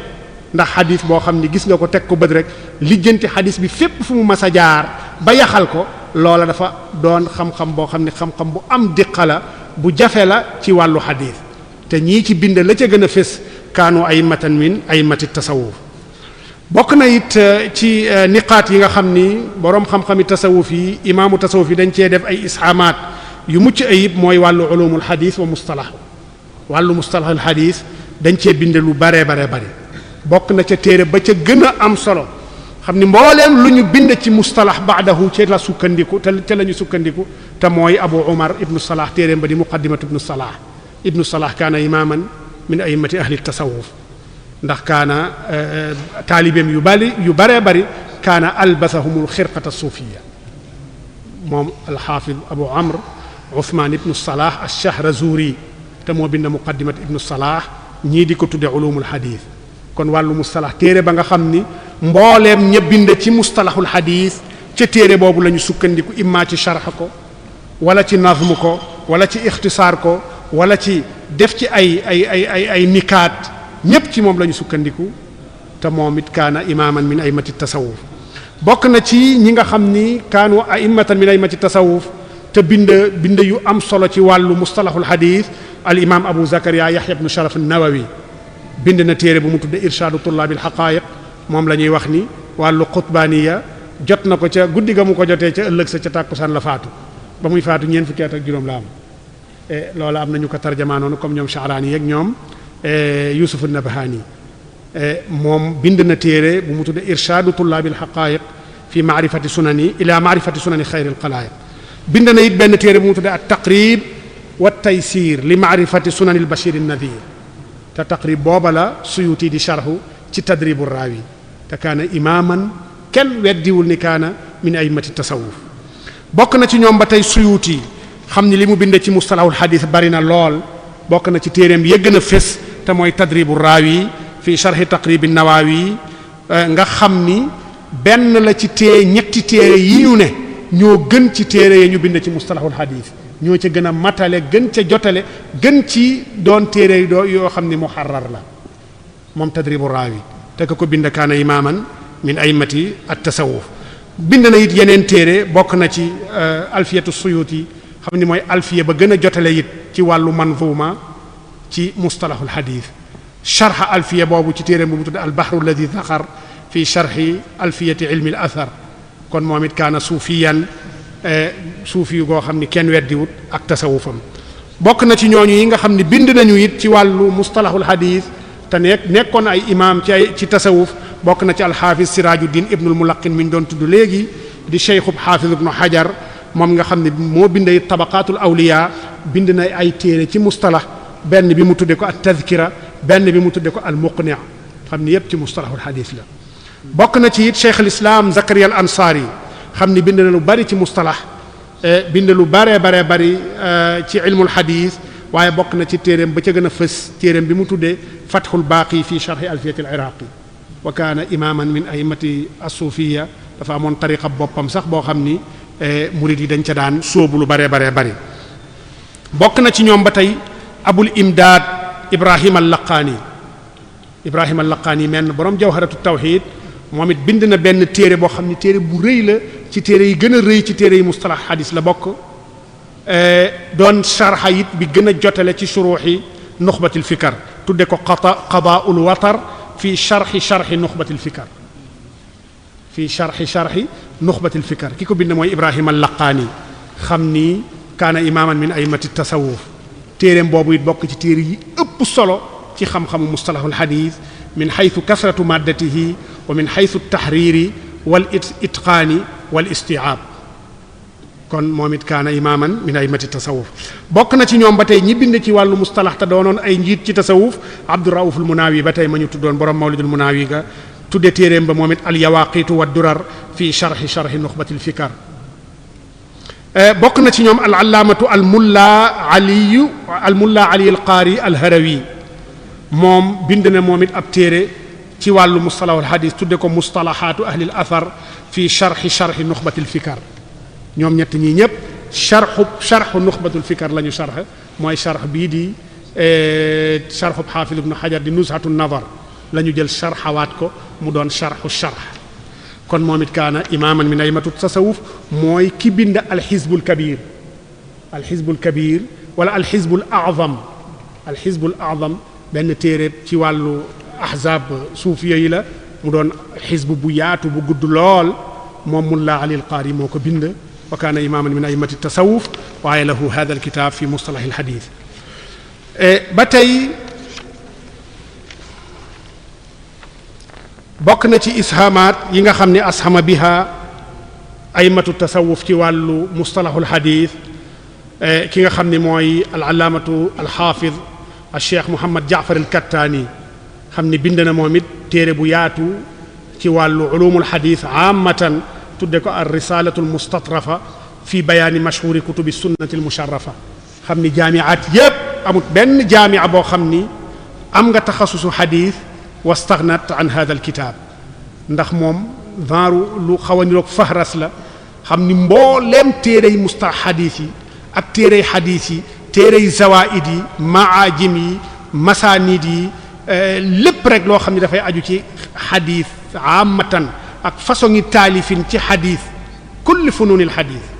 [SPEAKER 2] ndax xadis boo xam ni gis nga ko teg ko bët rek lijjanti xadis bi fépp fu mu mas a jaar ba yaxal ko loola dafa doon xam-xam boo xam ni xam-xam bu am diqa la bu jafe la ci wàllu xadis te ñii ci bind la ca gën a fés kaanu a'immatan min a'immati tasawuf bokk na it euh, ci euh, niqaat yi nga xam ni boroom xam-xami tasawuf yi imaamu tasawuf yi dañ cee def ay ishaamaat yu mucc ayib mooy wàllu ulumul xadiis wa mustalah wàllu mustalahul xadiis dañ cee bind lu baree baree bari bokk na ca téere ba ca gën a am solo xam ni mbooleem lu ñu bind ci mustalah baadahu ci la sukkandiku te te la ñu sukkandiku te mooy abu umar ibnu salah téereem ba di muqaddimatu ibnu salah ibnu salah kaana imaaman min a'immati ahli tasawuf ndax kaana eh, eh, taalibeem yu bari yu baree bari kaana albasahumul xirqata suufiya moom alxaafid abu amr usmaan ibnu salaah ash-shahrazuri te moo bind muqaddimat ibnu salaah ñii di ko tudde ulumul xadiis kon wàllu mustalah téere ba nga xam ni mbooleem ña ci mustalahul ca téere boobu la ñu sukkandiku imma ci sharx ko wala ci nazm ko wala ci ixtisaar ko wala ci def ci ay ay ay ay ay nikaat ñépp ci moom lañu sukkandiku te moom it kaana imaaman min aymati tasawuf bokk na ci ñi nga xam ni kaanu aimatan min aymati tasawuf te bind bind yu am solo ci wàllu mustalahul hadith al imam abu zakaria yahya ibn sharaf an-nawawi bind na téere bu mu tudde irshaadu tullaabil haqaayiq moom lañuy wax ni wàllu xutbaaniya jot na ko ca guddi ga mu ko jotee ca ëllëg sa ca tàkkusaan la faatu ba muy faatu ñeen fukki at juróom la am eh, loola am nañu ko tarjamaanoonu comme ñoom sha'raani yeeg ñoom E, Yusuf an e, moom bind na téere bu mu tudde irshaadu tullaabil haqaa'iq fi ma'rifati sunani ila ma'rifati sunani xayril xalaa'iq bind na it benn téere bu mu tudde at-taqrib wa taysir li ma'rifati sunani al-bashir an te taqrib boobala la Suyuti di sharhu ci tadribu raawi te kaana imaaman kenn weddiwul ni kaana min a'immati tasawuf bokk na ci ñoom ba tey Suyuti xam ni li mu binde ci mustalahul hadith bari na lool bokk na ci téereem ya gën a fés te mooy tadribu raawi fi sharhi taqribi nawawi euh, nga xam ni benn la ci tée ñetti téere yi ñu ne ñoo gën ci téere yi ñu bind ci mustalahul hadith ñoo ca gën a matale gën ca jotale gën ci doon téere yi doo yoo xam ni muharrar la moom tadribu yi te ka ko bind kaana yi imaaman min mati at tasawuf bind na it yeneen téere bokk na ci euh, alfiyatu yi xam ni mooy alfiya ba gën a jotale it ci wàllu manzuma ci mustalahul hadith sharh alfiya boobu ci téeréem bu mu tudd albahru alladi saxar fi sharhi alfiyati ilmi al athar kon moom it kaana suufiyan eh, suufi yu goo xam ni kenn weddiwut ak tasawufam bokk na ci ñooñu yi nga xam ne bind nañu it ci wàllu mustalahul hadith te nekk nekkoon ay imaam ci ay ci tasawuf bokk na ci alxaafis sirajuddin ibnul mulaqin mi ñu doon tudd léegi di cheikhub xaafis ibnu xajar moom nga xam ne moo bindee tabaqaatul awliya bind na ay téere ci mustalax benn bi mu tudde ko at tadkira benn bi mu tudde ko al muqni xam ni yépp ci mustalahul xadis la bokk na ci it cheikh al islam zakariya al xam ni bind na lu bari ci mustalax e, bind lu baree baree bari e, ci ilmul xadis waaye bokk na ci téeréem ba ca gën a fës téere bi mu tuddee fathul baaqi fi sharhi alfiyati al iraqi wa kaana imaman min aimati assufiya dafa amoon tariqa boppam sax boo xam ni e, murid yi dañ ca daan sóobu lu baree baree bari bokk na ci ñoom ba tey abul imdaad ibrahim allaqaani ibrahim allaqaani menn borom jawharatu tawhid moom it bind na benn téere boo xam ne téere bu rëy la ci téere yi gën a rëy ci téere yi mustalah hadis la bokk eh, doon sharha it bi gën a jotale ci shuruxi nuxbatil fikar tudde ko qada qadaaul watar fii sharxi sharxi nuxbatil fikar fii sharxi sharxi nuxbatil fikar ki ko bind mooy ibrahim allaqaani xam ni kaana imaaman min aymati tasawuf téereem boobu it bokk ci téere yi ëpp solo ci xam-xamu mustalahul xadiis min xaytu kasratu maddatihi wa min xaytu taxriiri wal itqaani wal istiaab kon moom it kaana imaaman min aymati tasawuf bokk na ci ñoom ba tey ñi bind ci wàllu mustalax te doonoon ay njiit ci tasawuf abdurauful munaawi ba tey ma ñu tuddoon borom mawlidul munaawi ga tudde téereem ba moom it al yawaaqitu wa durar fi sharxi sharxi nuxbatil fikar Eh, bokk na ci ñoom al allaamatu al mulla aliyu al mulla ali al qaari al harawi moom bind moom it ab téere ci wàllu mustalahul hadis tudde ko mustalahaatu ahlil athar fi sharxi sharxi nuxbatil fikar ñoom ñetti ñii ñëpp sharxu sharxu nuxbatul fikar la ñu mooy sharx bii di eh, sharxu xaafis ibnu xajar di nuzhatu nazar la ñu jël sharxawaat ko mu doon sharxu sharx kon moom it kaana imaaman min aymatu tasawuf mooy ki bind alxizbul kabir alxizbul kabir wala alxizbul azam alxizbul azam benn téere ci wàllu ahzab suufiya yi la mu doon xizb bu yaatu bu gudd lool moom mulla ali alqaari moo ko bind wa kaana imaaman min aymati tasawuf waaye lahu hada alkitab fi mustalahi alxadis eh, ba tey bokk na ci ishamaat yi nga xam ne ashama biha ay matu tasawuf ci wàllu mustalahul xadiis eh, ki nga xam ni mooy alaalaamatu alxaafid al cheikh Mouhamad Jaafar al Kattaani xam ne bind na moom it téere bu yaatu ci wàllu ulumul xadiis aamatan tudde ko ar risalatu al mustatrafa fi bayaani mashhuuri kutubi sunnati al musharrafa xam ni jaamiaat yépp amut benn jaamia boo xam ni am nga taxasusu xadiis wastaxnat an hada al ndax moom genre lu xaw a niroog fahras la xam ni mbooleem téerey mustalah xadiis yi ak téerey xadiis yi téerey zawaid yi maajim yi masaanid yi eh, lépp rek loo xam ne dafay aju ci xadiis amatan ak façon yi taalifin ci xadiis kulli fununil xadiis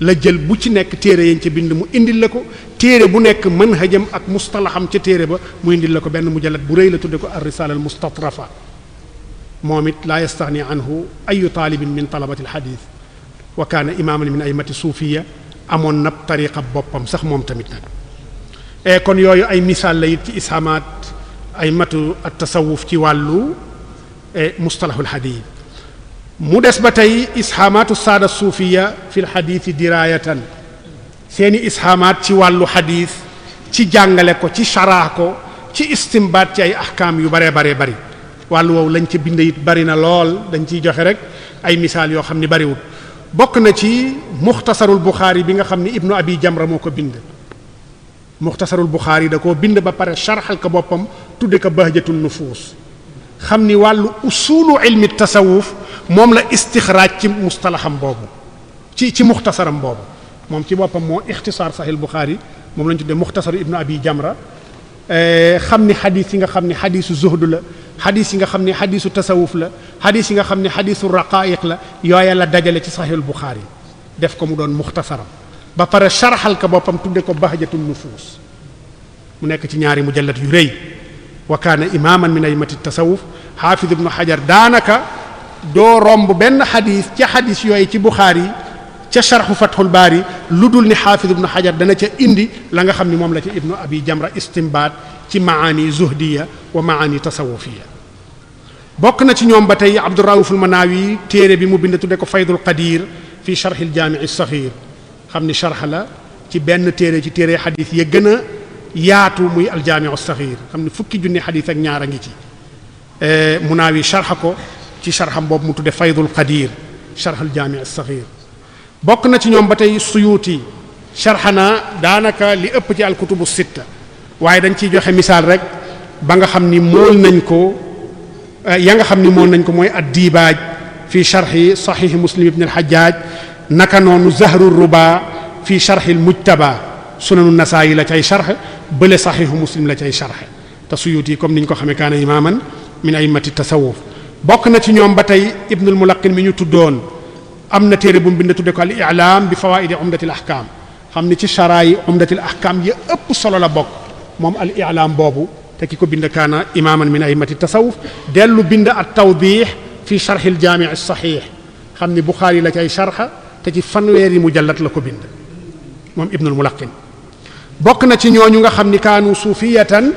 [SPEAKER 2] la jël bu ci nekk téere yañ ca bind mu indil la ko téere bu nekk mën hajam ak mustalaxam ca téere ba mu indil la ko benn mujallat bu rëy la tudde ko ar-risaala al-mustatrafa moom it laa yastaxni anhu ayu taalibin min talabati alxadis wa kaana imaaman min aymati suufiya amoon na tariqa boppam sax moom tamit nag e kon yooyu ay misaal la it ci ishaamaat ay matu at ci wàllu e, mustalahul hadith mu des ba tey ishaamaatu saada suufiya fi lxadiisi diraayatan seeni ishaamaat ci wàllu xadiis ci jàngale ko ci sharaax ko ci istimbaat ci ay ahkaam yu baree baree bari wàllu woowu lañ ci bind it bari na lool dañ ciy joxe rek ay misaal yoo xam ni bariwul bokk na ci muxtasarul buxaari bi nga xam ni ibnu abi jamra moo ko bind muxtasarul buxaari da koo bind ba pare sharxal ko boppam tudde ko bahjatul nufuus xam ni wàllu usulu ilmi tasawuf moom la istixraaj ci mustalaxam boobu ci ci muxtasaram boobu moom ci boppam moo ixtisaar saxiil Buxaari moom lañu tuddee muxtasaru ibnu abi jamra eh, xam ni xadis yi nga xam ne xadisu zuhdu la xadis yi nga xam ne xadisu tasawuf la xadis yi nga xam ne xadisu raqaayiq la yooya la dajale ci saxiil Buxaari def ko mu doon muxtasaram ba pare sharxal ka boppam tudde ko bahjatul nufuus mu nekk ci ñaari mujallat yu rëy wa kaana imaaman min aymati tasawuf xaafid ibnu xajar daanaka doo romb benn xadis ca xadis yooyu ci Buxaari ca sharxu fathul baari lu dul ni xaafis ibnu xajar dana ca indi la nga xam ni moom la ca ibnu abi jamra istimbaat ci maani zuhdiya wa maani tasawufiya bokk na ci ñoom ba tey abdurauf almanawi téere bi mu bind tudde ko faydul qadir fi sharx aljaamici saxiir xam ni sharx la ci benn téere ci téere xadis ya gën a yaatu muy aljaamicu saxiir xam ni fukki junni xadis ak ñaar a ngi ci eh, munaawi sharx ko ci sharxam boobu mu tudde faydul qadir sharxal jaami as-saxiir bokk na ci ñoom ba tey suyuuti sharxana daanaka li ëpp ci alkutubu sitta waaye dañ ciy joxe misaal rek ba nga xam ni mool nañ ko eh, ya nga xam ni mool nañ ko mooy ad-diibaaj fi sharxi saxiixi muslim ibn al-xajjaaj naka noonu zahru ruba fi sharxi al-mujtaba sunanu nasaayi la cay sharx bële saxiixu muslim la cay sharx te suyuti comme niñ ko xamee kaana imaaman min aymati tasawuf bokk na ci ñoom ba tey ibnul mulaqin mi ñu tuddoon am na téere bu mu bind tudde ko al i'lam bi fawaidi umdatil ahkam xam ni ci chara yi umdatil ahkam ya ëpp solo la bokk moom al boobu te ki ko bind kaana imaman min aimati tasawuf dellu bind at tawdix fi charxi al jaami' as sahih xam ni buxaari la ci ay charxa te ci fanweeri mujallat la ko bind moom ibnul mulaqin bokk na ci ñooñu nga xam ni kaanu suufiyatan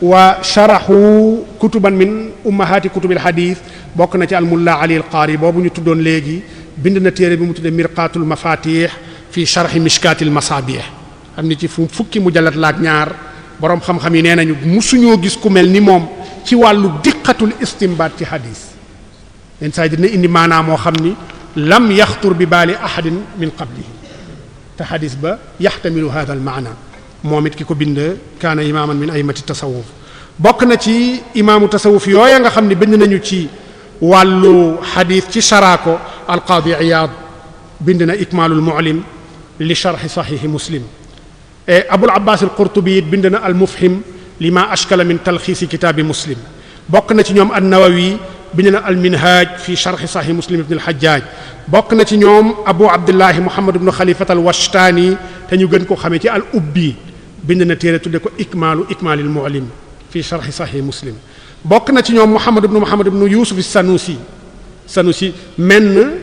[SPEAKER 2] wa sharaxu kutuban min ummahaati kutubil hadith bokk na ci almulla ali alqaari boobu ñu tuddoon léegi bind na téere bi mu tuddee mirqaatul mafatih fi sharxi mishkaatil masabih xam ni ci fu fukki mu la ak ñaar borom xam-xam yi nee nañu musuñoo gis ku mel ni moom ci wàllu diqatul istimbaat ci hadith leen saa dina indi maanaa moo xam ni lam yaxtur bi baali ahadin min qablihi te hadith ba yaxtamilu hada al maana moom it ki ko bind kaana imaaman min aymati tasawuf bokk na ci imaamu tasawuf yooya nga xam ne bind nañu ci wàllu xadis ci sharaako alqaadi iyaad bind na ikmaalul mu'lim li sharxi saxiixi muslim e abul abbas alqurtubi it bind na almufhim lima ashkala min talxiisi kitaabi muslim bokk na ci ñoom annawawi bind na alminhaaj fi sharxi saxiix muslim ibn alxajjaaj bokk na ci ñoom abu abdullahi muhammad ibn xalifat alwashtaani te ñu gën ko xamee ci al ubbi bind na téere tudde ko ikmaalu ikmaalil mu'allim fi sharhi sahih muslim bokk na ci ñoom muhammad ibnu muhammad ibnu yusuf sanusi sanusi menn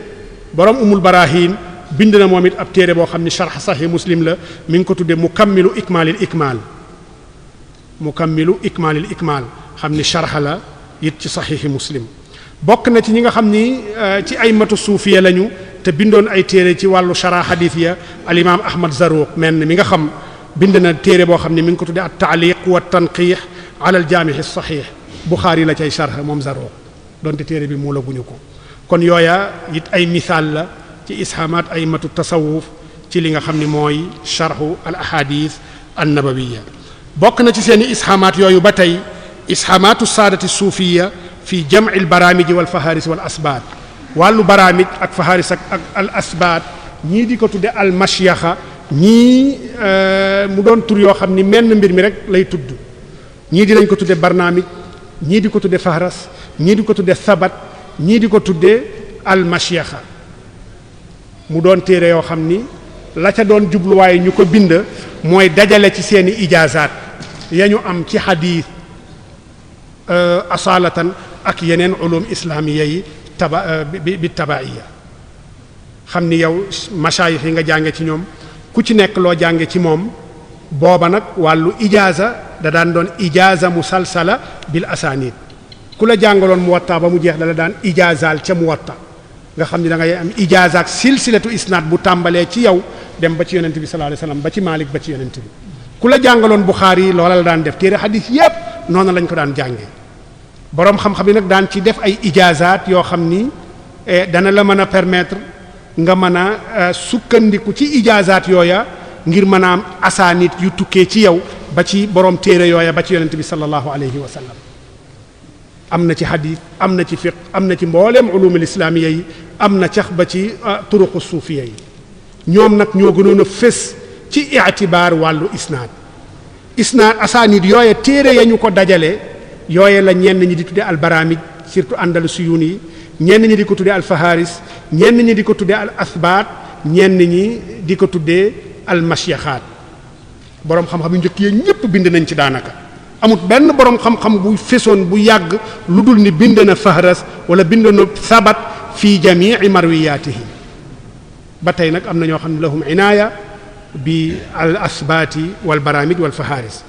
[SPEAKER 2] borom umul barahin bind na moom it ab téere boo xam ne sharh sahih muslim la mi ngi ko tudde mukammilu ikmaalil ikmaal mukammilu ikmaalil ikmaal xam ni sharh la it ci sahihi muslim bokk na ci ñi nga xam ni eh, ci ay matu suufiya lañu te bindoon ay téere ci wàllu shara hadith ya al imaam ahmad zaruq menn mi nga xam bind na téere boo xam ne mi ngi ko tuddee at taaliq wa tanqiix ala al jaamixi saxiix Buxaari la ay sarx moom Zarruq donte téere bi muula guñu ko kon yooya it ay misaal la ci ishamaat ay matu tasawuf ci li nga xam ni mooy sharhu al an nabawiya bokk na ci seen i ishamaat yooyu ba tey ishamaatu saadati suufiya fi jamci lbaraamiji wal faharis wal asbaat wàllu baraamij ak faharis ak ak al asbaat ñii di ko tudde al mashyaxa ñii euh, mu doon tur yoo xam ni menn mbir mi rek lay tudd ñii dinañ ko tudde barnaamij ñii di ko tudde fahras ñii di ko tudde sabat ñii di ko tudde almashiaxa mu doon téere yoo xam ni la ca doon jubluwaay ñu ko bind mooy dajale ci seeni ijaazaat ya ñu am ci xadiis euh, asaalatan ak yeneen ulum islaamiya yi taba euh, bi tabaaiya xam ni yow mashaayix yi nga jànge ci ñoom ku ci nekk loo jànge ci moom booba nag wàllu ijaaza da daan doon ijaaza musalsala bil asanid ku la jàngaloon mu muwatta ba mu jeex la daan ijaazaal ca mu muwatta nga xam ne da ngay am ijaaza ak silsilatu bu tàmbalee ci yow dem ba ci yonent bi sallallahu alayhi ba ci Maalik ba ci yonent bi ku la jàngaloon Buxaari yi loola la daan def téere xadis yépp noonu lañ ko daan jàngee boroom xam-xam yi nag daan ci def ay ijaazaat yoo xam ni eh, dana la mën a permettre nga mën a euh, sukkandiku ci ijaazaat yooya ngir mën a yu tukkee ci yow ba ci borom téere yooya ba ci yonent bi sallallahu alayhi wa sallam am na ci hadith am na ci fiq am na ci mbooleem ulumul islaamiya yi am na cax ba ci euh, turuqu suufiya yi ñoom nag ñoo gënoon a fés ci itibaar wàllu isnaad isnaad asaanid yooye téere ya ñu ko dajale yooye la ñenn ñi di tudde albaraamij surtout andalusiyuun yi ñenn ñi di ko tuddee al faharis ñenn ñi di ko tuddee al asbaat ñenn ñi di ko tuddee al masyaxaat borom xam-xam yu njëkk yi ñëpp bind nañ ci daanaka amut benn boroom xam-xam bu fesoon bu yàgg lu dul ni bind na fahras wala bind na sabat fi jamii marwiyaatihi ba tey nag am na ñoo xam ne lahum inaaya bi al asbaati wal baraamij wal faharis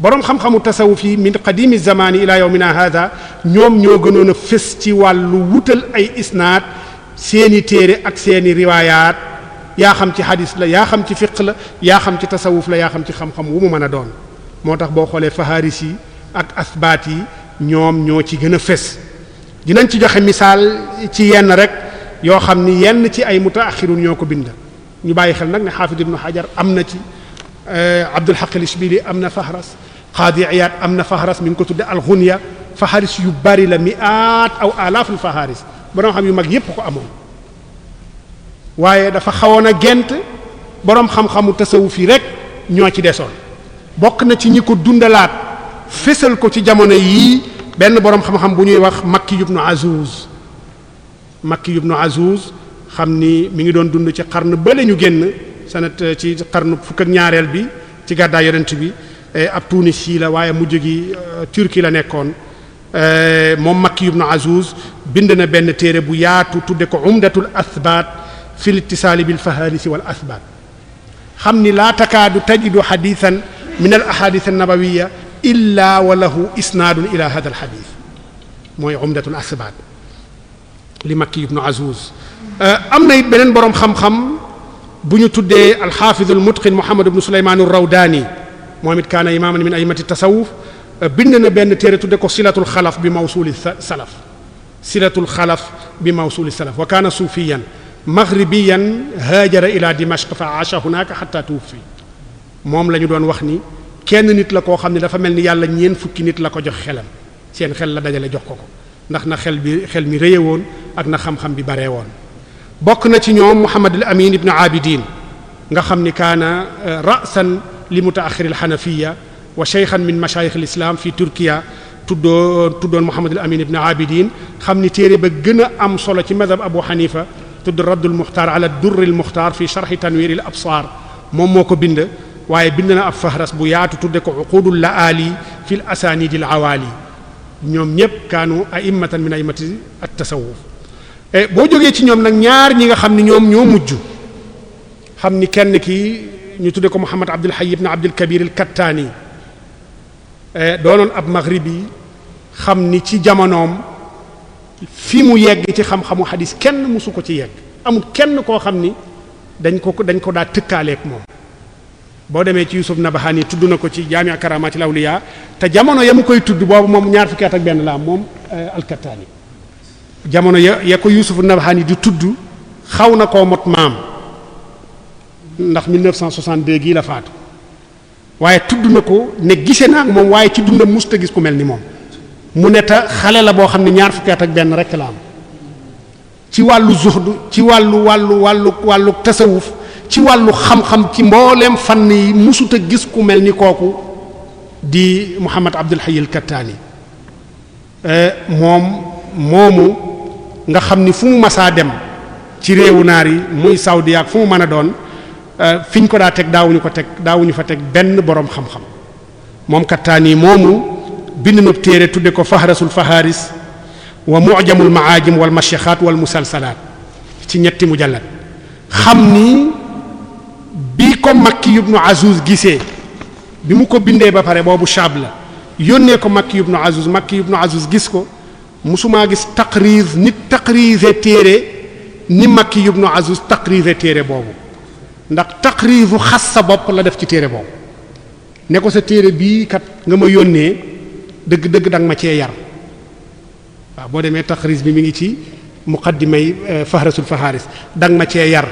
[SPEAKER 2] boroom xam-xamu tasawuf yi min qadimi zamani ila yawmina hada ñoom ñoo gënoon a fës ci wàllu wutal ay isnaad seeni téere ak seeni riwaayaat yaa xam ci hadis la yaa xam ci fiq la yaa xam ci tasawuf la yaa xam ci xam-xam wu mu mën a doon moo tax boo xoolee faharis yi ak asbaat yi ñoom ñoo ci gën a fës dinañ ci joxe misaal ci yenn rek yoo xam ni yenn ci ay mutaaxirun ñoo ko bind ñu bàyyi xel nag ne xaafid ibnu xajar am na ci euh, abdul xaq al ishbili am na fahras xaadi iyaat am na faharas mi ngi ko tudde alxunya faharis yu bari la mi aat aw alaaful faharis borom xam yu mag yépp ko amoon waaye dafa xawoon a gent boroom xam-xamu tasawuf yi rek ñoo ci desoon bokk na ci ñi ko dundalaat fésal ko ci jamono yii benn boroom xam-xam bu ñuy wax makki ibnu azuz makki ibnu azuz xam ni mu ngi doon dund ci xarnu bële ñu génn sanat ci xarnu fukk ak ñaareel bi ci gàddaay yonent bi Eh, ab Tunisi la waaye mujj gi eh, Turquie la nekkoon eh, moom Makki ibn Azuz bind na benn téere bu yaatu tudde ko umdatul asbaat fi litisaali bil fahalisi wal asbaat xam ni laa takaadu tajidu xadisan min al ahadis nabawiya illa wa lahu isnaadun ila hada al xadis mooy umdatul asbaat li Makki ibn Azuz am na it beneen boroom xam-xam bu ñu tuddee alxaafidul mutqin Muhammad ibn Suleymaan ar-Rawdaani moom it kaana imaaman min aymati tasawuf bind na benn téere tudde ko silatul xalaf bi mawsuuli salaf silatul xalaf bi mawsuuli salaf wa kaana suufiyan maghribiyan haajara ila dimashq fa aasha hunaaka hatta tuwfi moom la ñu doon wax ni kenn nit la koo xam ne dafa mel ni yàlla ñeen fukki nit la ko jox xelam seen xel la dajale jox ko ko ndax na xel bi xel mi réye woon ak na xam-xam bi bare woon bokk na ci ñoom Muhammad al Amin ibn Abidin nga xam ni kaana eh, rasan li mutaaxiril xanafiya wa cheykhan min mashayikh al islam fi turkiya tuddoon tuddoon Muhammad al Amin ibn Abidin xam ni téere ba gën a am solo ci madhab Abu Hanifa tudd raddul muxtaar ala durril muxtaar fi sharxi tanwiiril absaar moom moo ko bind waaye bind na ab fahras bu yaatu tudde ko uqudul laali fil asaanidil awaali ñoom ñëpp kaanu a'immatan min a'immati at tasawuf eh, boo jógee ci ñoom nag ñaar ñi nga xam ni ñoom ñoo mujj xam ni kenn ki ñu tudde ko Muhammad Abdul Hayy ibn Abdul Kabir al-Kattani eh, doonoon ab maghribi xam ni ci jamonoom fi mu yegg ci xam-xamu xadis kenn mësu ko ci yegg amul kenn koo xam ni dañ ko dañ ko daa tëkkaaleeg moom boo demee ci Yusuf Nabahani tudd na ko ci Jaami' Karamatil Awliya te jamono ya mu koy tudd boobu moom ñaar fukki ak benn la am moom eh, al jamono ya ya ko Yusuf Nabahani di tudd xaw na koo mot maam ndax 1962 gii la faatu waaye tudd na ko ne gise naa ak moom waaye ci dundam musta gis ku mel ni moom mu ne ta xale la boo xam ne ñaar fukki at ak benn rek la am ci wàllu zuhdu ci wàllu wàllu wàllu wàllu tasawuf ci wàllu xam-xam ci mbooleem fànn yi musuta gis ku mel ni kooku di Muhammad Abdul Hayy al-Kattani euh, moom moomu nga xam ni fu mu masaa dem ci réewu naar yi muy Saudi ak fu mu mën a doon Euh, fi ñu ko daa teg daawuñu ko teg daawuñu fa teg benn borom xam-xam moom kattaani moomu bind na téere tudde ko fahrasul faharis wa mu'jamul maajim wal mashyaxaat wal musalsalaat ci ñetti mujallad xam ni bi ko makki ibnu gisee bi mu ko bindee ba pare boobu shaab yónnee ko makki ibnu azuz makki ibnu azuz gis ko musumaa gis taqriz nit taqrize téere ni makki ibnu azuz taqrize téere boobu ndax taqriifu xas sa bopp la def ci téere boobu ne ko sa téere bii kat nga ma yónnee dëgg dëgg danga ma cee yar waaw boo demee taxriij bi mi ngi ci muqaddimay eh, fahrasul faharis danga ma cee yar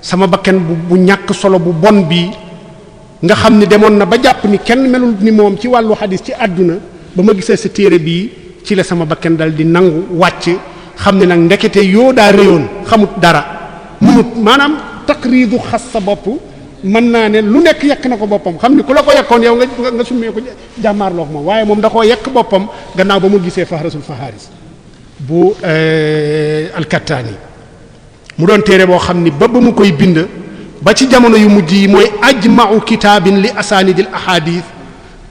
[SPEAKER 2] sama bakken bu ñàkk solo bu bon bi nga xam ni demoon na ba jàpp ni kenn melul ni moom ci wàllu xadis ci àdduna ba ma gisee sa téere bii ci la sama bakken dal di nangu wàcc xam ne nag ndekete yoo daa réyoon xamut dara munut maanaam taqriidu xas sa bopp mën naa ne lu nekk yekk na ko boppam xam ni ku la ko yekkoon yow nga summee ko jàmmaarloox moom waaye moom da koo yekk boppam gannaaw ba mu gisee fahrasul faharis bu eh, alkattaani mu doon téere boo xam ni ba ba mu koy bind ba ci jamono yu mujj yi mooy ajmau kitaabin li asaanidil ahadith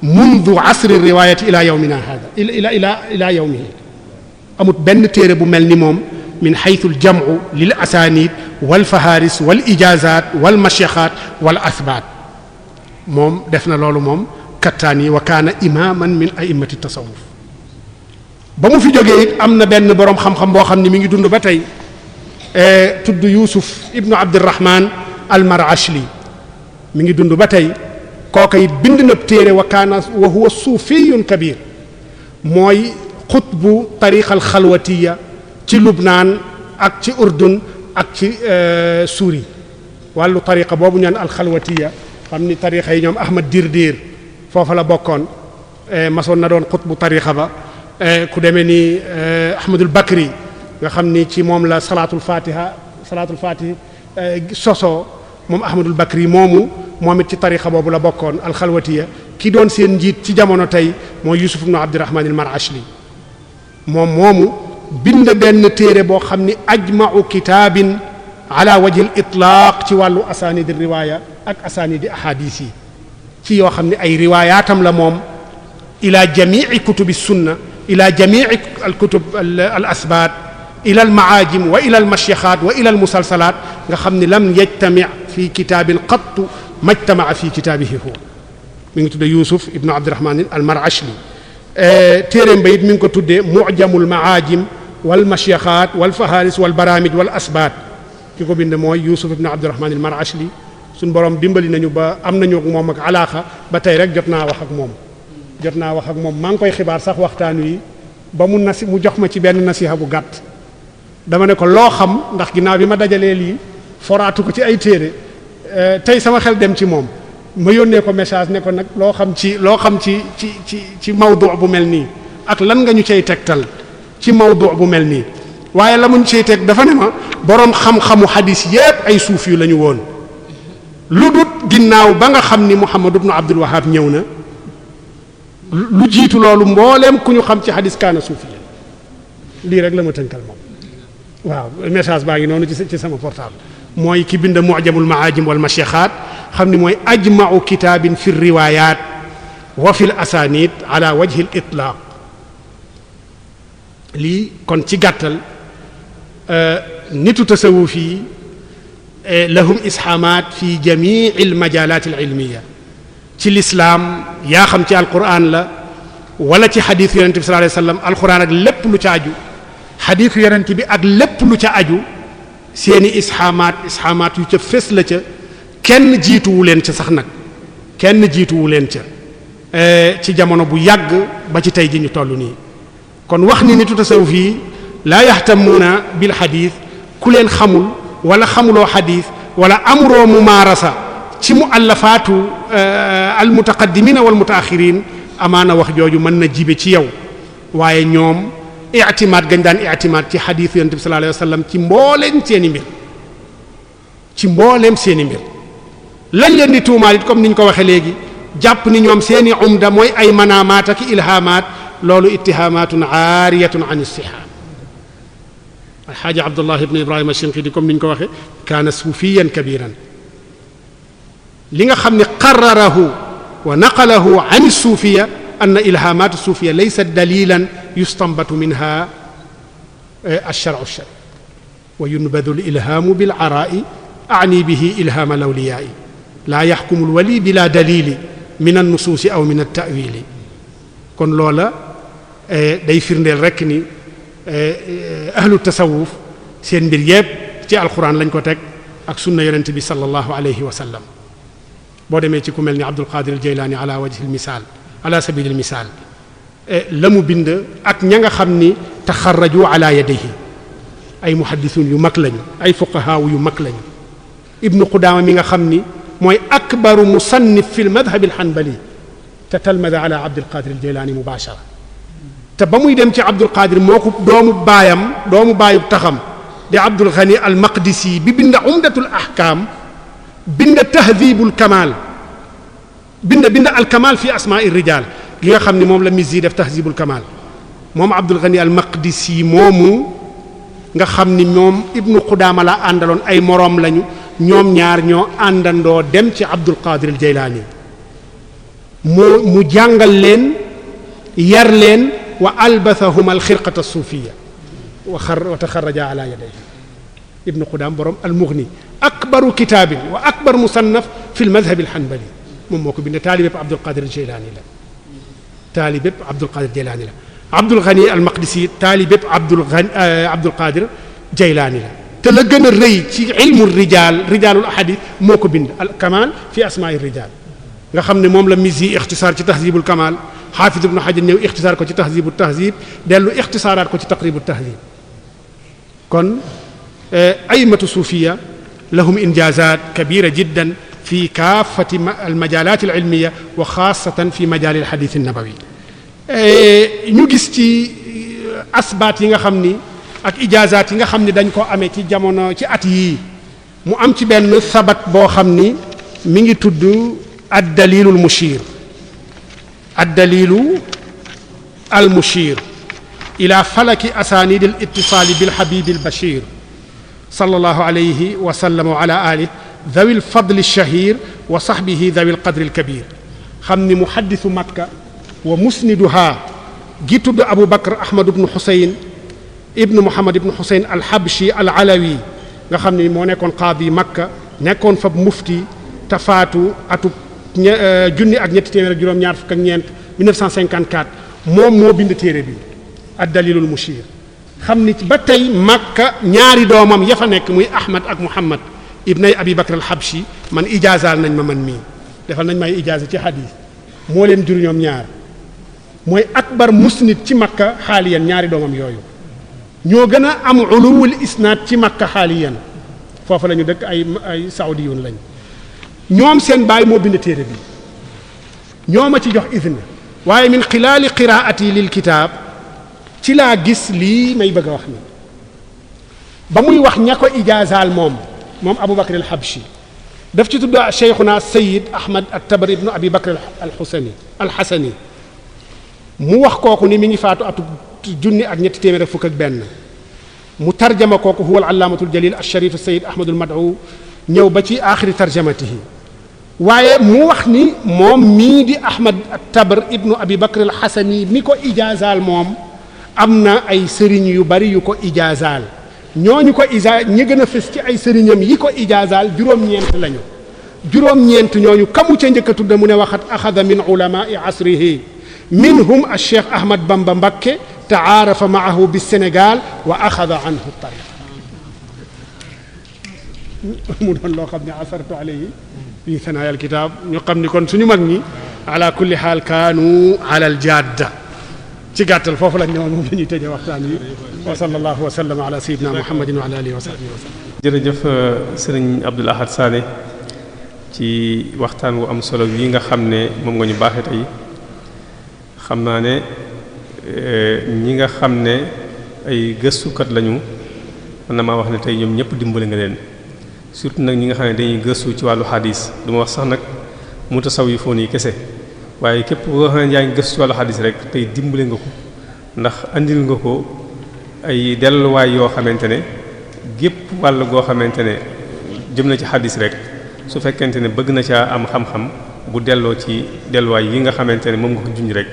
[SPEAKER 2] mundu asri riwayati ila yawmina hada ila amut benn téere bu mel ni moom min haythu al jamu lil asaanid wal faharis wal ijaazaat wal mashyaxaat wal asbaat moom def na loolu moom kattaan yi wa kaana imaaman min a'immati tasawuf ba mu fi jógee am na benn boroom xam-xam boo xam ne mi ngi dund ba tey e, tudd Yuusuf ibnu Abdirahman al-Marashli mu ngi dund ba tey kooka it bind na téere wa kaana wa huwa suufiyun kabir mooy xutbu tariqa alxalwatiya ci Lubnaan ak ci Urdun ak ci euh, suuri yi wàllu tariqa boobu ñu naan alxalwatiya xam ni tariqa yi ñoom ahmad diir diir foofa la bokkoon euh, masoon na doon xutbu tariqa ba euh, ku demee ni ahmadul bakri nga xam ni ci moom la salaatul fatiha salaatul fatiha soso moom ahmadul bakri moomu moom it ci tariqa boobu la bokkoon alxalwatiya ki doon seen njiit ci jamono tey mooy yusuf ibnu abdirahman il marashli moom moomu bind benn téere boo xam ni ajmau kitaabin ala wajil itlaaq ci wàllu asaanidi riwaaya ak asaanidi ahadis yi ci yoo xam ne ay riwaayaatam la moom ila jamici kutubi sunna ila jamici al kutub al asbaat ila al maajim wa ila al masyaxaat wa ila al musalsalaat nga xam ni lam yajtami fi kitaabin qattu majtamaa fi kitaabihi huwa mi ngi tudde Yuusuf ibnu Abdirahmaan al Marashli Eh, téeréem ba it mi ngi ko tuddee mujamul maajim wal masyaxaat wal faharis wal baramij wal asbaat ki ko bind mooy yusuf ibn abdurahman al marashli suñ borom dimbali nañu ba am nañu ak moom ak alaaxa ba tey rek jot naa wax ak moom jot naa wax ak moom maa ngi koy xibaar sax waxtaan wi ba mu nasi mu jox ma ci benn nasiha bu gàtt dama ne ko loo xam ndax ginnaaw bi ma dajalee lii foraatu ko ci ay téere eh, tey sama xel dem ci moom ma yónnee ko message ne ko nag loo xam ci loo xam ci ci ci ci mawdu bu mel nii ak lan nga ñu cay tegtal ci mawdu bu mel nii waaye la mu ñu cay teg dafa ne ma boroom xam-xamu xadis yépp ay suuf yu la woon lu dut ginnaaw ba nga xam ni mu Muhammad ibn Abdul Wahhab ñëw na lu jiitu loolu mbooleem ku ñu xam ci xadis kaana suufi lii rek la ma tënkal moom waaw message baa ngi noonu ci ci sama portable mooy ki bind mu'jamul maajim wal mashixaat xam ni mooy ajma'u kitaabin fi riwaayaat wa fil asaanid ala wajhil itlaaq lii kon ci gàttal euh, nitu tasawuf yi euh, lahum ishaamaat fi jamiil majaalaat al ilmiya ci lislaam yaa xam ci alquran la wala ci xadiisu yonent bi sallallahu alayhi wasallam alquran ak lépp lu ca aju xadiisu yonent bi ak lépp lu ca aju seeni isxaamaat isxaamaat yu ca fés la ca kenn jiituwu leen ca sax nag kenn jiituwu leen ca e, ci jamono bu yàgg ba ci tey ji ñu toll nii kon wax ni nitu tasawuf yi laa yaxtamuuna bil xadiis ku leen xamul wala xamuloo xadiis wala amuroo mumaarasa ci mu àllafaatu e, al mutaqaddimina wal mutaaxirin amaana wax jooju mën na jibe ci yow waaye ñoom ictimaad gañ daan ictimaad ci xadiis yonent bi sallallahu alayhi wasallam ci mbooleem seeni mbir ci mboolem seeni mbir lañ leen di tuumaal it comme niñ ko waxe léegi jàpp ni ñoom seeni umda mooy ay manaamaat ilhaamaat loolu ittihaamatun aariyatun an istiham alxaaji abdullah ibn ibrahima shinqidi comme niñ ko waxee kaana suufiyan kabiran li nga xam ni qararahu wa naqalahu an suufiya anna ilhamaatu suufiya laysat dalilan yustanbatu minha alsharau shari wa yunbadu lilhaamu bilaraa'i ani bihi ilhaama lawliyaai laa yaxkumu lwali bila dalili min annusuusi aw min altawili kon loola day firndeel rekk ni ahlu tasawuf seen mbir yépp ci alquran lañ ko teg ak sunna yonent bi sallallahu alayhi wa sallam boo demee ci ku mel ni Abdul Qadir al Jaylaani ala wajhi al misaal ala sabilil misaal eh, la mu bind ak ña nga xam ni taxaraju ala yadayhi ay muhaddisuun yu mag lañu ay fuqahaaw yu mag lañu ibnu qudaama mi nga xam ni mooy akbaru musannif fi lmadhabi alxanbali te talmada ala abdulqadir aljilaani mubashara te ba muy dem ci abdulqadir moo ko doomu baayam doomu baayu taxam di abdul ghani almaqdisi bi bind umdatul ahkam bind tahdibul kamal bind bind alkamal fi asma'i rijal gi nga xam ni moom la mi Mizzi def tahzibul kamal moom Abdul Ghani al Maqdisi moomu nga xam ni moom ibnu Qudaama la àndaloon ay moroom lañu ñoom ñaar ñoo àndandoo dem ci Abdul Qadir al Jaylaani mu mu jàngal leen yar leen wa albathahum al xirqata suufiya wa xar wa taxarraja ala yadayhi ibnu Qudaam borom al Mughni akbaru kitaabin wa akbar musannaf fi al madhab al hanbali moom moo ko bind taalibe bépp Abdul Qadir Jeylaani la taalibe bépp Abdul Qadir Jeylaani la Abdul Ghani al Maqdisi taalibe bépp Abdul Ghani euh, Abdul Qadir Jeylaani la te la gën a rëy ci ilmu rijaal rijaalul ahadith moo ko bind al Kamal fi asmaa'ir rijaal nga xam ne moom la misi ixtisaar ci tahzibul Kamal Hafiz ibn Hajar ñëw ixtisaar ko ci tahzibu tahzib dellu ixtisaaraat ko ci taqribu tahzib kon euh, aymatu suufiya lahum injaazaat kabira jiddan fi kaafati almajalaat alilmiya wa xaasatan fi majaali alxadiis annabawi ñu gis ci asbaat yi nga xam ni ak ijaazaat yi nga xam ni dañ ko amee ci jamono ci at yii mu am ci benn sabat boo xam ni mi ngi tudd ad dalilu al mushir ad dalilu al ila falaki asaanid al ittisaali bil habibi al bashir sallallahu dawil fadli shahir wa sahbihi dawil qadri kabir xam ni muhaddisu makka wa musniduha gi tudd abu bakar ahmad ibnu xuseyn ibnu muhammad ibnu xuseyn alxabshi alalawi nga xam ni moo nekkoon qaadi makka nekkoon fa mufti tafaatu atub euh, junni ak ñetti téeméer ak juróom-ñaar fukk ak ñeent 1954 moom moo bind téere bi ad dalilul mushir xam ni ba tey makka ñaari doomam ya fa nekk muy ahmad ak muhammad ibnay abi bakr al habshi man ijaazal nañ ma man mii defal nañ may ijaaza ci hadis moo leen jur ñoom ñaar mooy akbar musnid ci makka xaaliyan ñaari doomam yooyu ñoo gën a am uluwul ci makka foofu la ñu dëkk ay ay lañ ñoom seen baay moo bind téere bi ñoo ma ci jox idne waaye min xilaali qiraati lil kitaab ci laa gis lii may bëgg a wax ni ba muy wax ña ko ijaazaal moom moom Abu Bakr al def ci tudd Cheikhuna Sayyid Ahmad at-Tabari ibnu Abi Bakr al mu wax kooku ni mi ngi faatu atu junni ak ñetti téeméer ak fukk ak benn mu tarjama kooku huwa al-allaamatul jalil ash-sharif Sayyid Ahmadul ñëw ba ci aaxiri tarjamatihi waaye mu wax ni moom mii di Ahmad at-Tabari Abi Bakr al mi ko ijaazaal moom am na ay sëriñ yu bari yu ko ijaazaal. ñooñu ko ija ñi gën a fës ci ay sëriñam yi ko ijaazaal juróom-ñeent lañu juróom-ñeent ñooñu kamu ca njëkk a tudd mu ne waxat axada min ulamaai asrihi minhum mbakke taarafa maahu bi sénégal wa axada anhu tariq mu doon loo xam ne asartu alayhi fi sanaayal kitaab ñu xam ni kon suñu mag ñi ala kulli xaal kaanu ala al jadda ci gàttal foofu lañ ne woon moom la ñuy tëjee waxtaan yi wa sallallahu wa sallam ala sayyidina muhammadin wa ala alihi wa
[SPEAKER 1] jërëjëf euh, sëriñ Abdoul Ahad ci waxtaan wu am solo yi nga xam ne moom nga ñu baaxee tey xam naa ne euh, ñi nga xam ne ay gëstukat lañu man na maa wax ne tey ñoom ñëpp dimbali nga leen surtout nag ñi nga xam ne dañuy gëstu ci wàllu xadis du wax sax nag mu tasaw yi foo nii kese waaye képp koo xam ne yaa ngi gëstu wàllu xadis rek tey dimbale nga ko ndax andil nga ko ay delluwaay yoo xamante ne gépp wàll goo xamante ne jëm na ci xaddis rek su fekkente ne bëgg na caa am xam-xam bu delloo ci delluwaay yi nga xamante ne moom nga ko junj rek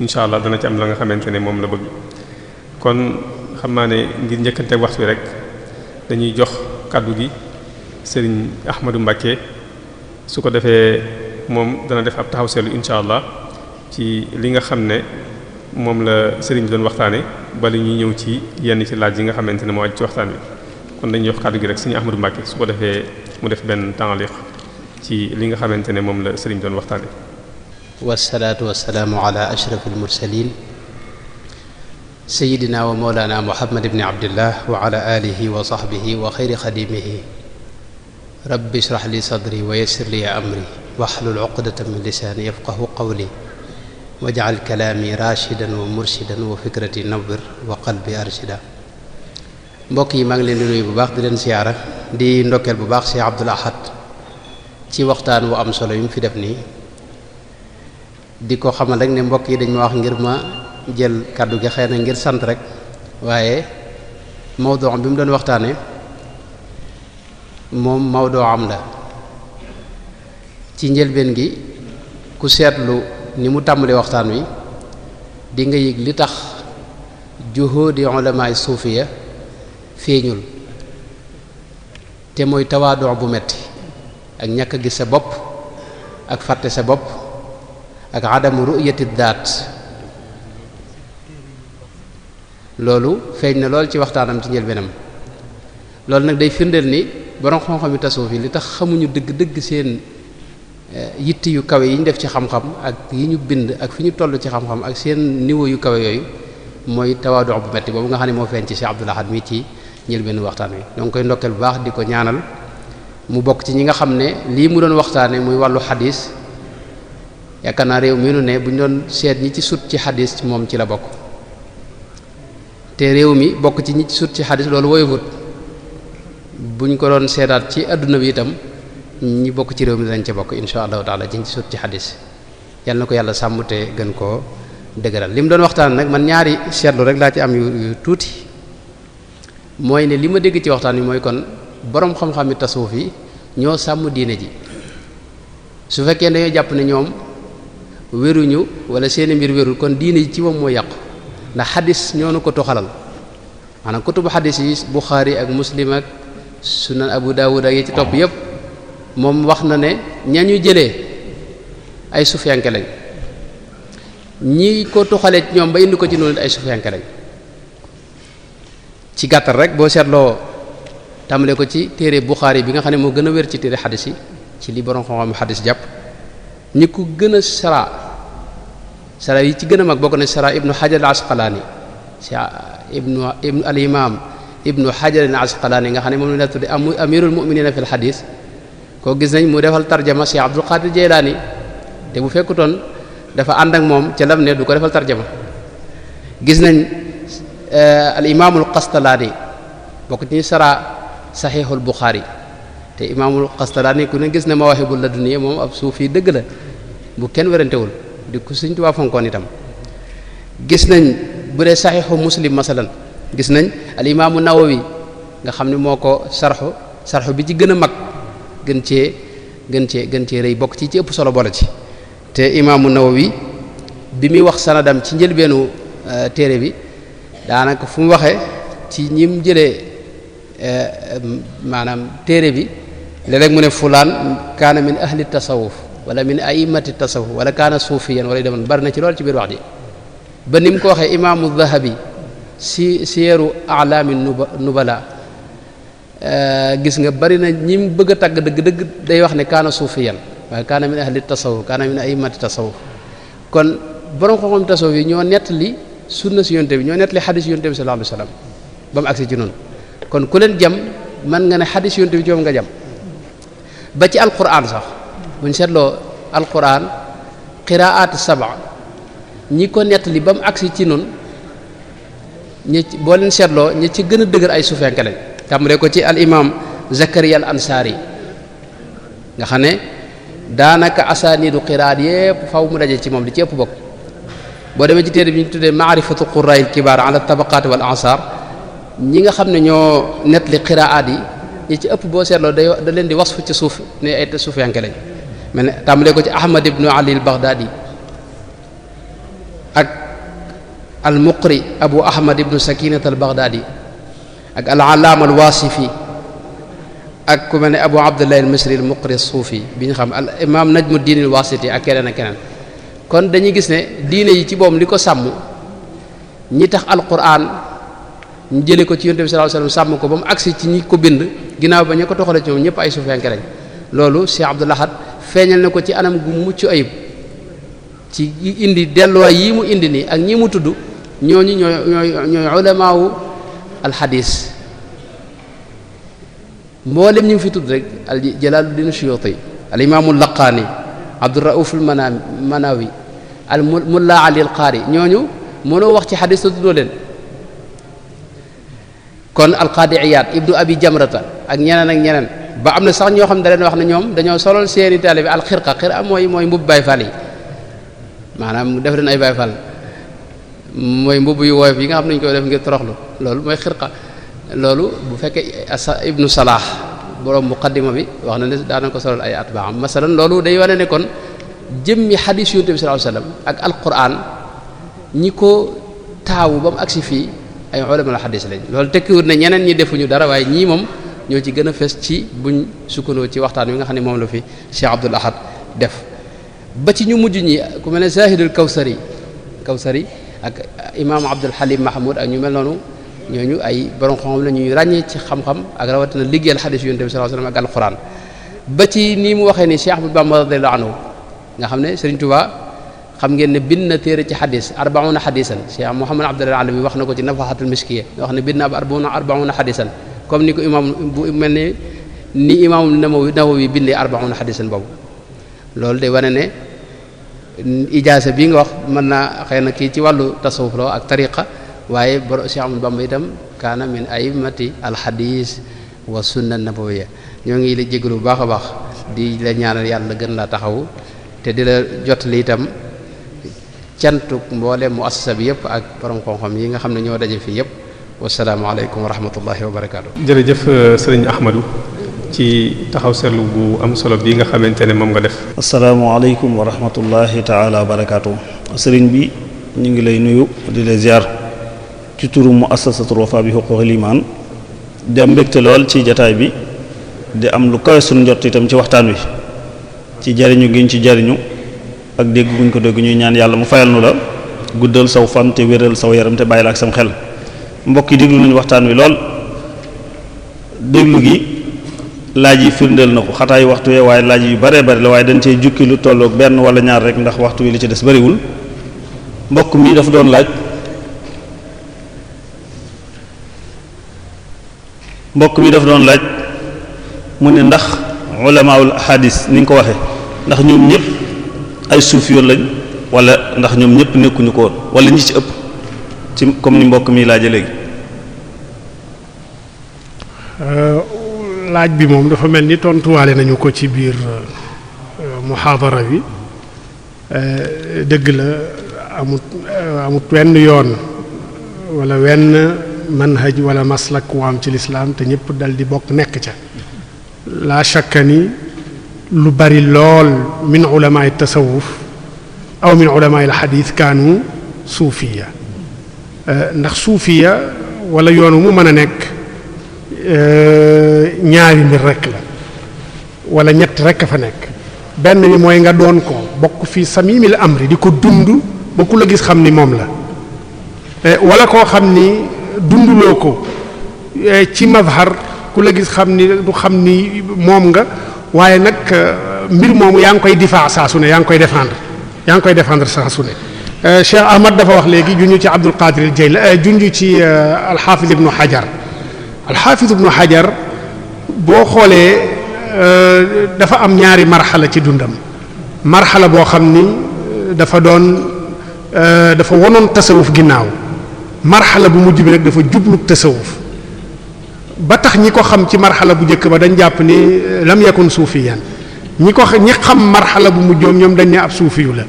[SPEAKER 1] incha allah dana ci am la nga xamante ne moom la bëgg kon xam naa ne ngir njëkkante waxtu bi rek dañuy jox kàddu gi sëriñ Ahmadou Mbacké su ko defee. moom dana def ab taxaw seetlu incha allah ci li nga xam ne moom la sëriñ bi doon waxtaane bala ñuy ñëw ci yenn ci laaj yi nga xamante ne moo aju ci waxtaan wi kon dañuy wax kàddu gi rek sëriñ Ahmadou Mbacké su ko defee mu def benn taaliq ci li nga xamante ne moom la sëriñ bi doon waxtaane
[SPEAKER 3] wasalaatu wasalaamu ala ashrafil mursalin sayidina wa mawlana muhammad ibni abdillah wa ala alihi wa sahbihi wa xayri xadimihi rabbi israh li sadri wa yassir li amri waxlul uqdatan min lisaani yafqahu qawli wajcal kalaami rachidan wa murshidan wa fikrati nawir wa qalbi arshida mbokk yi ma ngi leen di nuyu bu baax di leen siyaara di ndokkeel bu baax Cheikh Abdoul Ahad ci waxtaan wu am solo yu mu fi def nii di ko xamal rek ne mbokk yi dañ ma wax ngir ma jël kàddu gi xëy na ngir sant rek waaye mawduu bi mu doon waxtaane moom mawduu am la ci njëlbeen gi ku seetlu ni mu tàmbalee waxtaan wi di nga yëg li tax juhudi ulamaay suufiya feeñul te mooy tawaadoo bu metti ak ñàkk gis sa bopp ak fàtte sa bopp ak adamu ruyati daat loolu feeñ na lool ci waxtaanam ci njëlbeenam loolu nag day firndeel ni borom xam-xam yi tasawuf yi li tax xamuñu dëgg dëgg seen Eh, yitt yu kawe yi ñu def ci xam-xam ak yi ñu bind ak fi ñu toll ci xam-xam ak seen niveau yu kawe yooyu mooy tawaadu bu metti boobu nga xam ne moo feeñ ci Cheikh Abdoul Ahad mi ci ñël benn waxtaan wi ñoo ngi koy ndokkeel bu baax di ko ñaanal mu bokk ci ñi nga xam ne lii mu doon waxtaane muy wàllu xadis yaakaar naa réew mi nu ne bu ñu doon seet ñi ci sut ci xadis moom ci la bokk te réew mi bokk ci ñi ci sut ci xadis loolu woyofut buñ ko doon seetaat ci adduna bi itam ñi bokk ci réew mi dañ ci bokk insha allahu taala jiñ ci sut ci xadis yal na ko yàlla sàmmte gën koo dëgëral li mu doon waxtaan nag man ñaari seetlu rek laa ci am yu tuuti mooy ne li ma dégg ci waxtaan wi mooy kon boroom xam-xam yi tasawuf yi ñoo sàmm diine ji su fekkee dañoo jàpp ne ñoom wéruñu walla seeni mbir wérul kon diine ji ci moom mooy yàqu ndax xadis ñoo nu ko toxalal kotu kutubu xadis yi Buxaari ak Muslim ak sunan Abu Dawud ak yi ci topp yépp moom wax na ne ñu jëlee ay sufiyanke lañ ñi ko tuxalee ci ñoom ba indi ko ci noonu ay sufiyanke ci gàttal rek boo seetloo tàmbalee ko ci téere Buxaari bi nga xam ne moo gën a wér ci téere xadis yi ci li borom xam-xam xadis jàpp ñi ko gën a sara sara yi ci gën a mag bokk na sara ibnu Hajar al-Asqalaani si ibnu ibnu al-Imaam ibnu Hajar al nga xam ne moom la tudde amirul mu'miniina fil xadis koo gis nañ mu defal tarjama Cheikh Abdul Qadir Jeylaani te bu fekkutoon dafa ànd ak moom ca lam ne du ko defal tarjama gis nañ eh, al imaamul Qastalaani bokk ci sara saxiixul Buxaari te imaamul Qastalaani ku ne gis na Mawaahibul Ladunniya moom ab suufi dëgg la bu kenn werantewul di ku Sëriñ Tuubaa fonkoon itam gis nañ bu dee saxiixu gis nañ al imaamu Nawawi nga xam ne moo ko sarxu sarxu bi ci gën a mag gën cee gën cee gën cee bokk ci ci ëpp solo boole ci te imaamu wi bi muy wax sanadam ci njëlbeenu euh, téere bi daanaka fu mu waxe ci ñim jële euh, maanaam téere bi léeg mu ne fulaan kaana min ahli tasawuf wala min aimati tasawuf wala kaana suufiyan wala demoon bari na ci lool ci biir wax ji ba ni mu ko waxee imaamu Dhahabi si siyeeru alaami nubala Eh, gis nga bari na ñi mu bëgg a tàgg dëgg-dëgg day wax ne kaana suuf suufiyan waaye kaana min ahli tasawuf kaana min aimati tasawuf kon borom xam-xam tasawuf yi ñoo nettali sunna si yonte bi ñoo nettali xadis yonte bi sallallahu alayhi wasallam ba mu agsi ci noonu kon ku leen jam mën nga ne xadis yonte bi nga jam ba ci alquran sax buñ seetloo alxuraan qiraat saba ñi ko li ba mu agsi ci noonu ñi boo leen seetloo ñi ci gën a dëgër ay suufenke lañ tàmbale ko ci al imam Zakaria al nga xam ne daanaka asaanidu qiraat yépp faw mu daje ci moom li ci ëpp bokk boo demee ci téere bi ñu tuddee maarifatu qurraa'il kibaar ala tabaqaat wal ansaar ñi nga xam ne ñoo nettali qiraat yi ñi ci ëpp boo seetloo day da leen di wasfu ci suuf ne ay suufiyanke lañ mel ne tàmbalee ko ci ahmad ibnu ali al baghdadi ak al muqri abu ahmad ibnu sakinat al baghdadi ak al-allaama al-waasifi ak ku mel ne abu abdullah al-misri al-muqri suufi bi ñu xam al imaam najmuddin al-waasiti ak keneen ak keneen kon dañuy gis ne diine yi ci boom li ko sàmm ñi tax alquran ñu jëlee ko ci yonte bi sàmm ko ba mu agsi ci ñi ko bind ginnaaw ba ñu ko toxalee ci moom ñëpp ay suufiyanke lañ loolu Cheikh Abdou Lahad feeñal na ko ci anam gu mucc ayib ci indi delluwaay yii mu indi nii ak ñi mu tudd ñooñu ñooy ñooy ñooy ulamaawu alxadis mboolem ñu ngi fi tudd rek al jalaaluddin suyuti al imaamu laqaani abdurauf al manawi al mulla ali al qaari ñooñu mënoo wax ci xadis te tuddoo leen kon alqaadi iyaad ibnu abi jamrata ak ñeneen ak ñeneen ba am na sax ñoo xam ne da wax na ñoom dañoo solol seeni taalibe alxirqa xira mooy mooy mbub baay faal yi maanaam def leen ay baay faal mooy mbubb yu woyof yi nga xam ne ñu koy def ngir toroxlu loolu mooy xirqa loolu bu fekkee asa ibnu Salah borom muqaddima bi wax na ne daanañ ko solal ay atbaam masalan loolu day wane ne kon jëmmi xadiis yonent bi sallallahu alayhi ak alquran ñi ko taawu ba mu agsi fii ay ulama la xadiis lañ loolu tekkiwut ne ñeneen ñi defuñu dara waaye ñii moom ñoo ci gën a fes ci buñ sukkandoo ci waxtaan wi nga xam ne moom la fi Cheikh Abdul Ahad def ba ci ñu mujj ñi ku mel ne Zahidul Kawsari ak imaamu Abdul Halim Mahmoud ak ñu mel noonu ñooñu ay borom xam-xam la ñuy ràññee ci xam-xam ak rawatina liggéeyal xadis yonent bi sallallahu alayhi wasallam ak alquran ba ci ni mu waxee ni Cheikh Ahmad Bamba radiyallahu anhu nga xam ne Serigne Touba xam ngeen ne bind na téere ci xadis arbauna xadisan Cheikh Mouhamad Abdullah Alawi wax na ko ci nafahatul miskiya wax ne bind na ab arbauna arbauna xadisan comme ni ko imaam bu mel ne ni imaam Nawawi Nawawi bindee arbauna xadisan boobu loolu day wane ne. ijaasa bii nga wax mën naa xëy na kii ci wàllu tasawuf la ak tariqa waaye boro Cheikh Ahmadou Bamba itam kaana min aimati alxadis wa sunna nabawiyya ñoo ngi la jégalu lu baax a baax di la ñaanal yàlla gën laa taxawu te di la jot li itam cantuk mboole mu assasa bi yëpp ak borom xam-xam yi nga xam ne ñoo daje fii yëpp wasalaamualeykum wa rahmatullahi wa barakaatu.
[SPEAKER 1] jërëjëf sëriñ Ahmadou. ci taxaw seetlu bu am solo bi nga xamante ne moom nga def. asalaamaaleykum wa rahmatullahi taala wa
[SPEAKER 2] barakaatu. sëriñ bi ñu ngi lay nuyu di la ziar ci turu muassasatul
[SPEAKER 3] Wafa bi huquqil iman di am mbégte lool ci jataay bi di am lu kawe suñu njot itam ci waxtaan wi ci jariñu giñ ci jariñu ak dégg guñ ko dégg ñuy ñaan yàlla mu fayal nu la guddal saw fan te wéral saw yaram te bàyyi la ak sam xel
[SPEAKER 2] mbokk yi nañu waxtaan wi lool déglu gi. laaj yi firndeel na ko xataay waxtu wee waaye laaj yu baree bari la waaye dañ cee jukki lu tolloog benn wala ñaar rek ndax waxtu wi li ci des bariwul mbokk mi dafa doon laaj mbokk mi dafa doon laaj mu ne ndax
[SPEAKER 3] ulamaul hadis ni nga ko waxee ndax ñoom ñëpp ay suuf yoon lañ wala ndax ñoom ñëpp nekkuñu ko woon wala ñi ci ëpp ci comme ni mbokk mi laajee léegi
[SPEAKER 2] laaj bi moom dafa mel ni tontuwaale nañu ko ci biir euh, muhaadara bi euh, dëgg la amut euh, amut wenn yoon walla wenn manhaj wala maslak waam ci lislaam te ñëpp dal di bokk nekk ca laa shakka ni lu bari lool min ulamaay tasawuf aw min ulamaay al kaanu suufiya ndax suufiya wala yoon wu mu mën a nekk Euh, ñaari mbir rekk la wala ñett rek fa nekk benn bi mooy nga doon ko bokk fii samimil amri di ko dund ba ku la gis xam ni moom la euh, wala koo xam ni dunduloo ko euh, ci mazhar ku la gis xam ni du xam ni moom nga waaye nag mbir moom yaa ngi koy difaa saa su ne yaa ngi koy défendre yaa ngi koy défendre saa su ne Cheikh Ahmad dafa wax léegi junj ci Abdul Qadir al Jayla junj ci alxaafid ibnu Hajar alxaafiz ibnu xajar boo xoolee euh, dafa am ñaari marxala ci dundam marxala boo xam ni euh, dafa doon euh, dafa wonoon tasawuf ginnaaw marxala bu mujj bi rek dafa jublu tasawuf ba tax ñi ko xam ci marxala bu njëkk ba dañ jàpp ni lam yakun suufiyan ñi ko ñi xam marxala bu mujjoom ñoom dañ ne ab suufiyu la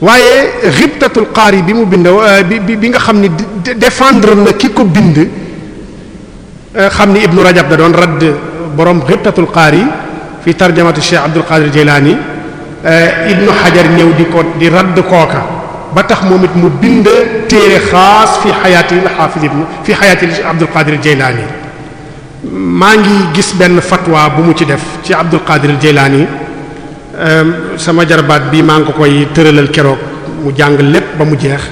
[SPEAKER 2] waaye xibtatul yi bi mu bind bi bi nga xam ni defendre na ki ko bind Euh, xam ne ibnu rajab da doon radd borom xibtatul qaari fi tarjamatu cheikh abdul qadir jilani euh, ibnu hajar ñëw di ko di radd kooka ba tax moom it mu bind téere xaas fi xayaati xaafis ibnu fi xayaati abdul qadir jilani maa ngi gis benn fatwa bu mu ci def ci abdul qadir jilani euh, sama jarbaat bi maa ngi ko koy tëralal keroog mu jàng lépp ba mu jeex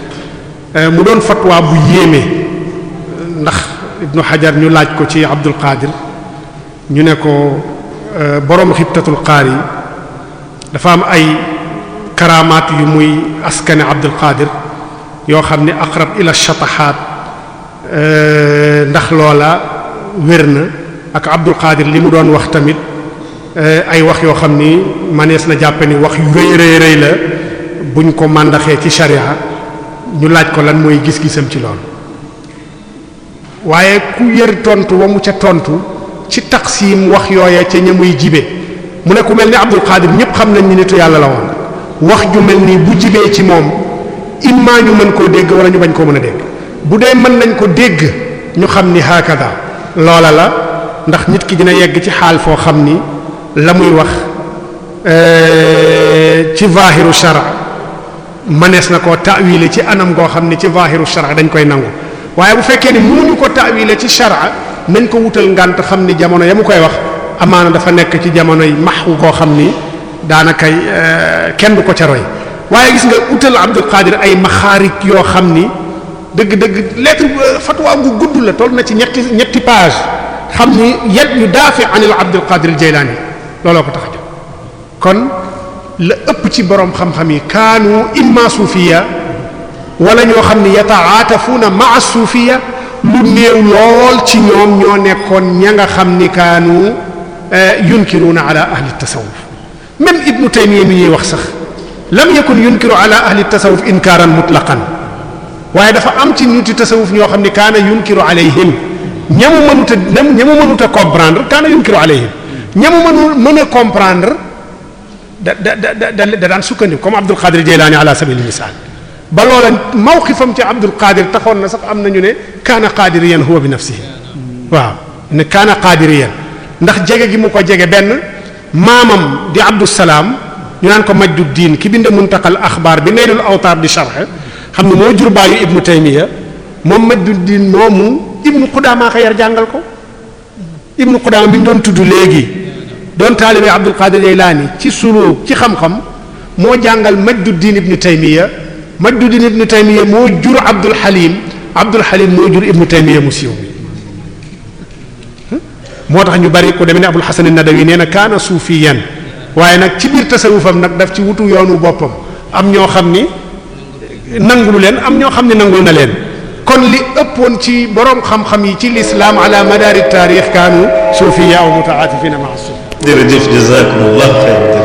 [SPEAKER 2] mu doon fatwa bu yéeme ndax ibnu xajar ñu laaj ko ci abdul qadir ñu ne ko euh, borom xibtatul yi dafa am ay karaamaat yu muy askane abdul qadir yoo xam ne aqrab ila euh, ndax loola wér na ak abdul qadir li mu doon wax tamit euh, ay wax yoo xam ni manees na jàppe ni wax yu rëy rëy rëy la buñ ko màndaxee ci sharia ñu laaj ko lan mooy gis-gisam ci lool waaye ku yër tontu wa mu ca tontu ci taqsim wax yooya ca ñamuy jibe mu ne ku mel ni Abdul Qadir ñëpp xam nañ ni nitu yàlla la woon wax ju mel nii bu jibee ci moom imma mën koo dégg wala ñu bañ koo mën a dégg bu dee mën nañ ko dégg ñu xam ni hakada loola la ndax nit ki dina yegg ci xaal foo xam ni la muy wax eh, ci zahiru shara mënees na koo ta'wile ci anam goo xam ni ci zahiru shara dañ koy nangu waaye bu fekkee ne mënuñu ko taawile ci shara nañ ko wutal ngànt xam ni jamono yamu koy wax amaana dafa nekk ci jamono yi maxu koo xam ni daanaka eh, kenn du ko ca roy waaye gis nga utal Abdul Qadir ay maxaarik yoo xam ni dëgg-dëgg lettre eh, fatwa bu gudd la toll na ci ñetti ñetti page xam ni yet yu daafi anil Abdul Qadir al-Jaylaani looloo ko tax a jóg kon la ëpp ci borom xam-xam yi kaanu imma suufiya wala ñoo xam ni yataatafuuna maa suufiya lu néew lool ci ñoom ñoo nekkoon ña nga xam ni kaanu eh, yunkiruuna ala ahli tasawuf même ibnu taymiya mi ñuy wax sax lam yakun yunkiru ala ahli tasawuf inkaaran mutlaqan waaye dafa am ci ñuti tasawuf ñoo xam ni kaana yunkiru alayhim ña mu mënut a ña mu mënut a comprendre kaana yunkiru alayhim ña mu mënul mën a comprendre da da da da daan sukkandiku comme Abdul Qadir Jeylaani ala sabili misaal ba loola mawqifam ci Abdul Qadir taxoon na sax am nañu ne kaana qaadiriyan huwa bi nafsihi waaw ne kaana qaadiriyan ndax jege gi mu ko jege benn maamam di Abdus Salaam ñu naan ko majdu diin ki bind muntaqal axbaar bi neylul awtaar di sharx xam ne moo jur baayu ibnu taymiya moom majdu diin moomu ibnu Qudaama xëy jàngal ko ibnu Qudaama bi doon tudd léegi doon taalibe Abdul Qadir ni ci suluuk ci xam-xam moo jàngal majdu diin ibnu taymiya Majduddin ibnu Taymiya moo jur Abdul Halim Abdul Halim moo jur ibnu Taymiya mu siiw bi moo tax ñu bari ku demee ne Abul Hasan an-Nadawi nee na kaana suufiyan waaye nag ci biir tasawufam nag daf ci wutu yoonu boppam am ñoo xam ni nangulu leen am ñoo xam ni nangul na leen kon li ëppoon ci boroom xam-xam yi ci lislaam ala madaari taarix kaanu suufiya aw mutaatifina maa suuf
[SPEAKER 3] jërëjëf jazakumullah xayr